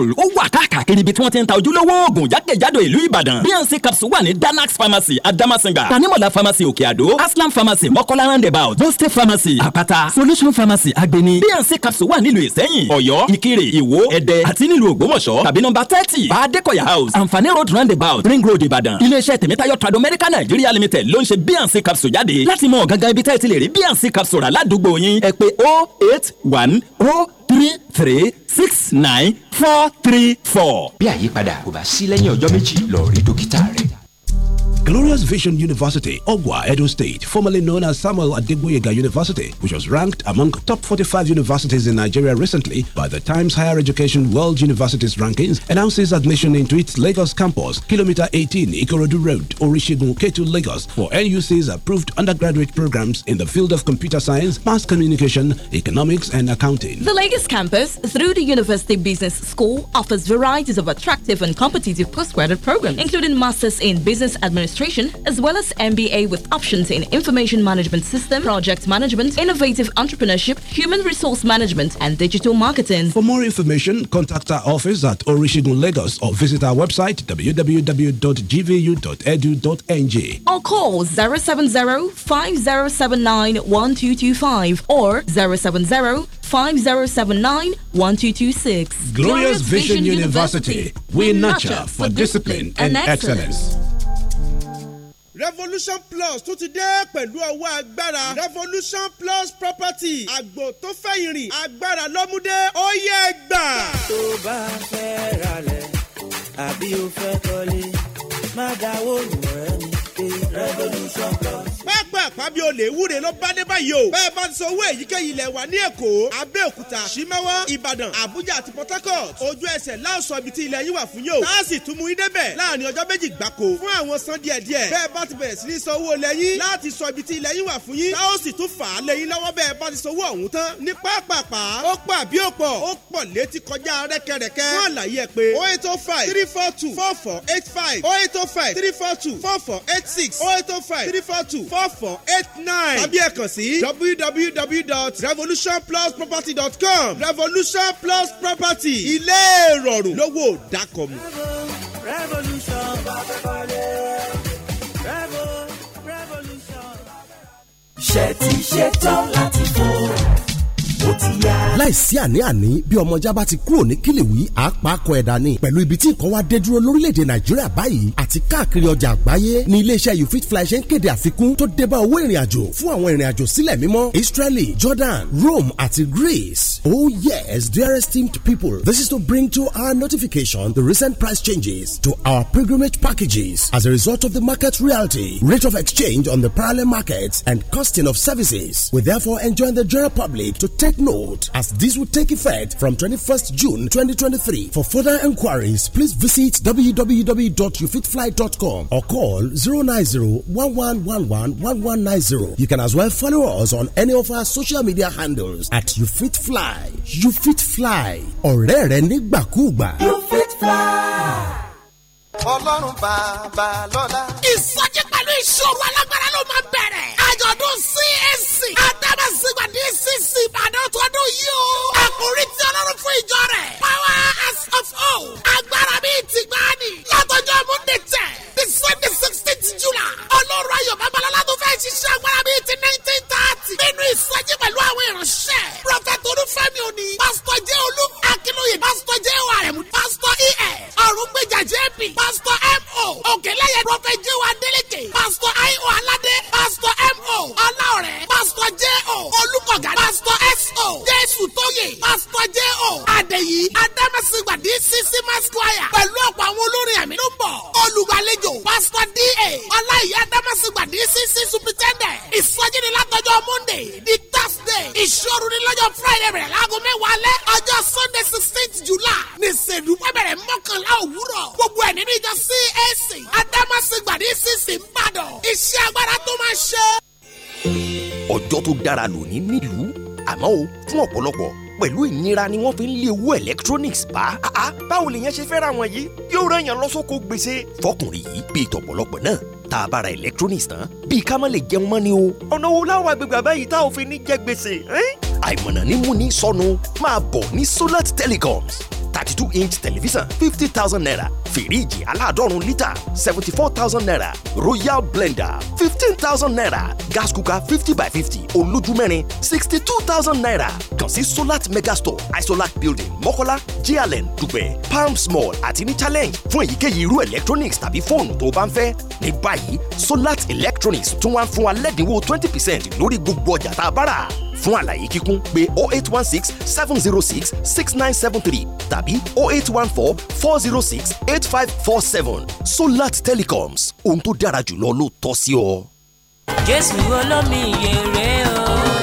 capsule ó wà káàkiri ibi tí wọ́n ti ń ta ojúlówó oògùn jákèjádò ìlú ìbàdàn bnc capsule wà ní danax pharmacy adamasinga tanimola pharmacy òkè àdó aslam pharmacy mọ́kọ́lá roundabout boste pharmacy àpáta solution pharmacy agbeni bnc capsule wà nílùú ìsẹ́yìn ọ̀yọ́ ìkirè ìwó ẹdẹ àti nílùú ògbómọ̀ṣọ́ tàbí nọ́mbà thirty bàdékọ̀yà house àǹfààní road roundabout ring road ìbàdàn iléeṣẹ́ tèmítáyọ̀ tradomedica nigeria limited ló ń ṣe bnc capsule jáde láti mọ gangan ibi tẹ́ẹ̀ ti lè rí bnc capsule aládùúgbò yín ẹ pé 081 0 three three six nine four three four. bí àyípadà kò bá sí lẹ́yìn ọjọ́ méjì lọ rí dókítà rẹ. Glorious Vision University, Ogwa, Edo State, formerly known as Samuel Adegboyega University, which was ranked among top 45 universities in Nigeria recently by the Times Higher Education World Universities Rankings, announces admission into its Lagos campus, Kilometer 18, Ikorodu Road, Orishigun, Ketu, Lagos, for NUC's approved undergraduate programs in the field of computer science, mass communication, economics, and accounting. The Lagos campus, through the University Business School, offers varieties of attractive and competitive postgraduate programs, including masters in business administration Administration, as well as MBA with options in Information Management System, Project Management, Innovative Entrepreneurship, Human Resource Management, and Digital Marketing. For more information, contact our office at Orishigun Lagos or visit our website www.gvu.edu.ng or call 070 5079 1225 or 070 5079 1226. Glorious Vision, Vision University. University. We nurture for discipline and excellence. excellence. revolution plus tún ti dé pẹ̀lú ọwọ́ agbára revolution plus property àgbò tó fẹ́ ìrìn agbára lọ́múdé ó yẹ gbà. tó bá fẹ́ ralẹ̀ àbí o fẹ́ kọ́lé má dáwọ́ lù ẹ́ ní pé revolution àfábíolè wúre ló bá dé báyìí o bẹ́ẹ̀ bá ti san owó èyíkéyìí ilẹ̀ wa ní èkó abẹ́òkúta simawa ìbàdàn àbújá àti port harcourt ojú ẹsẹ̀ láòsọ ibi tí ilẹ̀ yín wà fún yóò láàsì tún mú idébẹ̀ láàrin ọjọ́ méjì gbáko fún àwọn san díẹ̀ díẹ̀ bẹ́ẹ̀ bá ti bẹ̀rẹ̀ sí ní san owó lẹ́yìn láti sọ ibi tí ilẹ̀ yín wà fún yín táwọn sì tún fà á lẹ́yìn oh eight oh three four two four four eight five oh six oh eight oh five three four two four four eight nine tàbí ẹ kàn sí www.revolutionplusproperty.com revolution plus property ilé ìrọ̀rùn lówó dákọ̀mù. revolution bá fẹ́ kọ́lé. ṣe ti ṣe tán láti fò láìsí àní-àní bí ọmọ jábá ti kúrò ní kílìwí àpapọ̀ ẹ̀dá ni pẹ̀lú ibi tí nǹkan wá dé dúró lórílẹ̀‐èdè nàìjíríà báyìí àti káàkiri ọjà àgbáyé ni iléeṣẹ́ you fit fly ṣe ń kéde àfikún tó dé bá owó ìrìnàjò fún àwọn ìrìnàjò sílẹ̀ mímọ́ israeli jordan rome àti greece oh yes dear esteemed people this is to bring to our notification the recent price changes to our pilgrimage packages as a result of the market reality rate of exchange on the parallel markets and costing of services we therefore enjoin the general public to take note as This will take effect from 21st June 2023. For further inquiries, please visit www.ufitfly.com or call 090-1111-1190. You can as well follow us on any of our social media handles at YouFitFly. YouFitFly. orere rẹ nígbàkúùgbà. YouFitFly. Ọlọ́run bàbá lọ́la. Ìsọjí pẹ̀lú ìṣòro alágbára ló máa bẹ̀rẹ̀. Àjọ̀dún CC. Adára sígbà ní CC Ìbàdàn tọdún yìí o. Àkòrí tí Ọlọ́run fún ìjọ rẹ̀. Power as of old. Agbára bíi ti gbáàni. Látọjọ́ Monday ten. The twenty sixteenth July. Ọlọ́run ayọ̀ babalọ́lá tó fẹ́ ṣiṣẹ́ agbára bíi ti nineteen thirty. Nínú ìsọjí pẹ̀lú àwọn ìránṣẹ́. Prọfẹ̀tì Olúfẹ́mi Òní. Pásítọ̀ Jẹ́ Olú. Akínóye. Pásítọ̀ Jẹ́ Òhàrẹ̀m. Pásítọ̀ E.S. Ọ̀rùngbèjà JP. Pásítọ̀ M.O. Òkèlẹ́yẹ. Prọfẹ̀t J.O. Adélèké. Pásítọ̀ I.O. Aládé. Pásítọ̀ M.O. Al rẹ̀ pásítọ̀ j o olùkọ̀gá pásítọ̀ s o jésù tóyè pásítọ̀ j o àdèyí adámẹ́sìgbàdì sisi masquire pẹ̀lú ọ̀pọ̀ àwọn olórin ẹ̀mí ló ń bọ̀ olùgbàlejò pásítọ̀ d a ọláyé adámẹ́sìgbàdì sisi supitẹ́ndẹ̀ ìsọjí ni látọjọ́ monday di thursday ìṣòro ni lọ́jọ́ friday bẹ̀rẹ̀ láago mẹ́wàá alẹ́ ọjọ́ sunday sixteenth july ní sèdúpẹ́ bẹ̀rẹ̀ mọ́kànlá òwúrọ̀ gbogbo ẹ̀ nínú ìjọ cac adámẹ́sìgbàdì sisi ń bàdàn iṣẹ́ agbára tó máa ṣe ọjọ́ tó dára lónìí nílùú àmọ́ o fún ọ̀pọ̀lọpọ̀ pẹ̀lú ìnira ni wọ́n fi ń lé owó electronics bá. báwo lèèyàn ṣe fẹ́ ra wọn yìí yóò ràn yàn lọ́sọ́kọ̀ gbèsè. fọkùnrin yìí bíi tọ̀pọ̀lọpọ̀ náà tá a bá ra electronics tán bíi ká má lè jẹun mọ́ ni o. ọ̀nà wo láwọn àgbègbè àbáyìí tá ò fi ní jẹ gbèsè. àìmọ̀nà ni mú ní sọnù máa bọ̀ ní Solat Telecoms two inch television fifty thousand naira fìríìjì aláàdọ́rùn lítà seventy four thousand naira royal blender fifteen thousand naira gas cooker fifty by fifty olójú mẹ́rin sixty two thousand naira kàn sí solar megastore Isolat building Mokola, jln dùgbẹ̀ palms mall àti ní challenge fún èyíkéyìí irú electronics tàbí fóònù tó o bá ń fẹ́ ní báyìí solar electronics tún wá ń fún wa lẹ́dínwó twenty percent lórí gbogbo ọjà tá a bá rà fún àlàyé kíkún pé 0816 706 6973 tàbí 0814 406 8547 Solat Telecoms ohun tó dára jùlọ ló tọ́ sí ọ. Jésù olómi ìyèrè o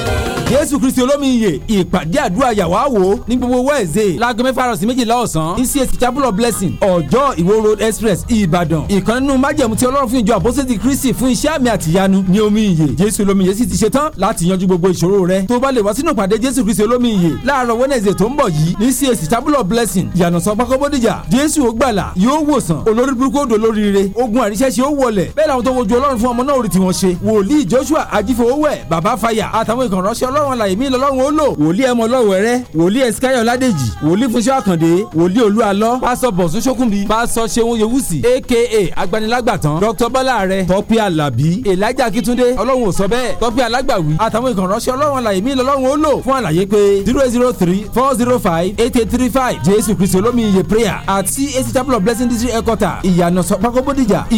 jésù kristi olómi iyè ìpàdé àdúrà yàwá wò ní gbogbo wẹ́ẹ̀sì láago mẹ́fà rọ̀ sí méjìlá ọ̀sán ní CAC chapel of blessing ọjọ́ ìwó road express ìbàdàn ìkan nínú májẹ̀mú tí ọlọ́run fún ìjọ àpọ́sẹ̀tì kristi fún iṣẹ́ àmì àtìyanu ní omi iyè jésù olómi iyè sì ti ṣe tán láti yanjú gbogbo ìṣòro rẹ tó bá lè wá sínú ìpàdé jésù kristi olómi iyè láàárọ̀ wednesday tó ń bọ̀ yìí ní CAC chapel of blessing ìyànà sọ pákó bódìjà jésù ó gbàlà yóò wòsàn olórí burúkú odò lóríire ogun àríṣẹ́ṣe ó wọlẹ̀ bẹ́ẹ̀ làwọn tó wojú ọlọ́run fún ọmọ náà orí tiwọn ṣe wòlíì joshua ajífowówẹ̀ bàbá fàyà àtàwọn ìkànnì ránṣẹ́ ọl ọlọ́run alàyè mi lọ́lọ́run ó lò wòlíì ẹmọ ọlọ́wẹ̀ rẹ wòlíì ẹsikẹ́yọ̀ ládèjì wòlíì fúnṣẹ́ àkàndé wòlíì olúalọ́ pásọ bọ̀sùn ṣókùnbí pásọ ṣeun yewusi aka agbanilágbàtàn dr bọ́lá rẹ tọ́pẹ́ alábí elijah akitunde ọlọ́run ò sọ bẹ́ẹ̀ tọ́pẹ́ alágbàwí àtàwọn ìkànnì ọlọ́run alàyè mi lọ́lọ́run ó lò fún àlàyé pé zero zero three four zero five eight eight three five jésù kristu olómiye prayer at cac chapel of blessing district headquarter ìyànà sọpákó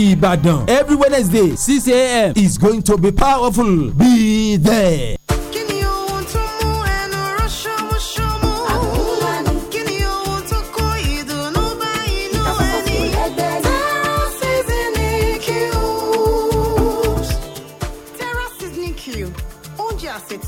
ìbàdàn every wednesday six a.m. is going to be powerful be there.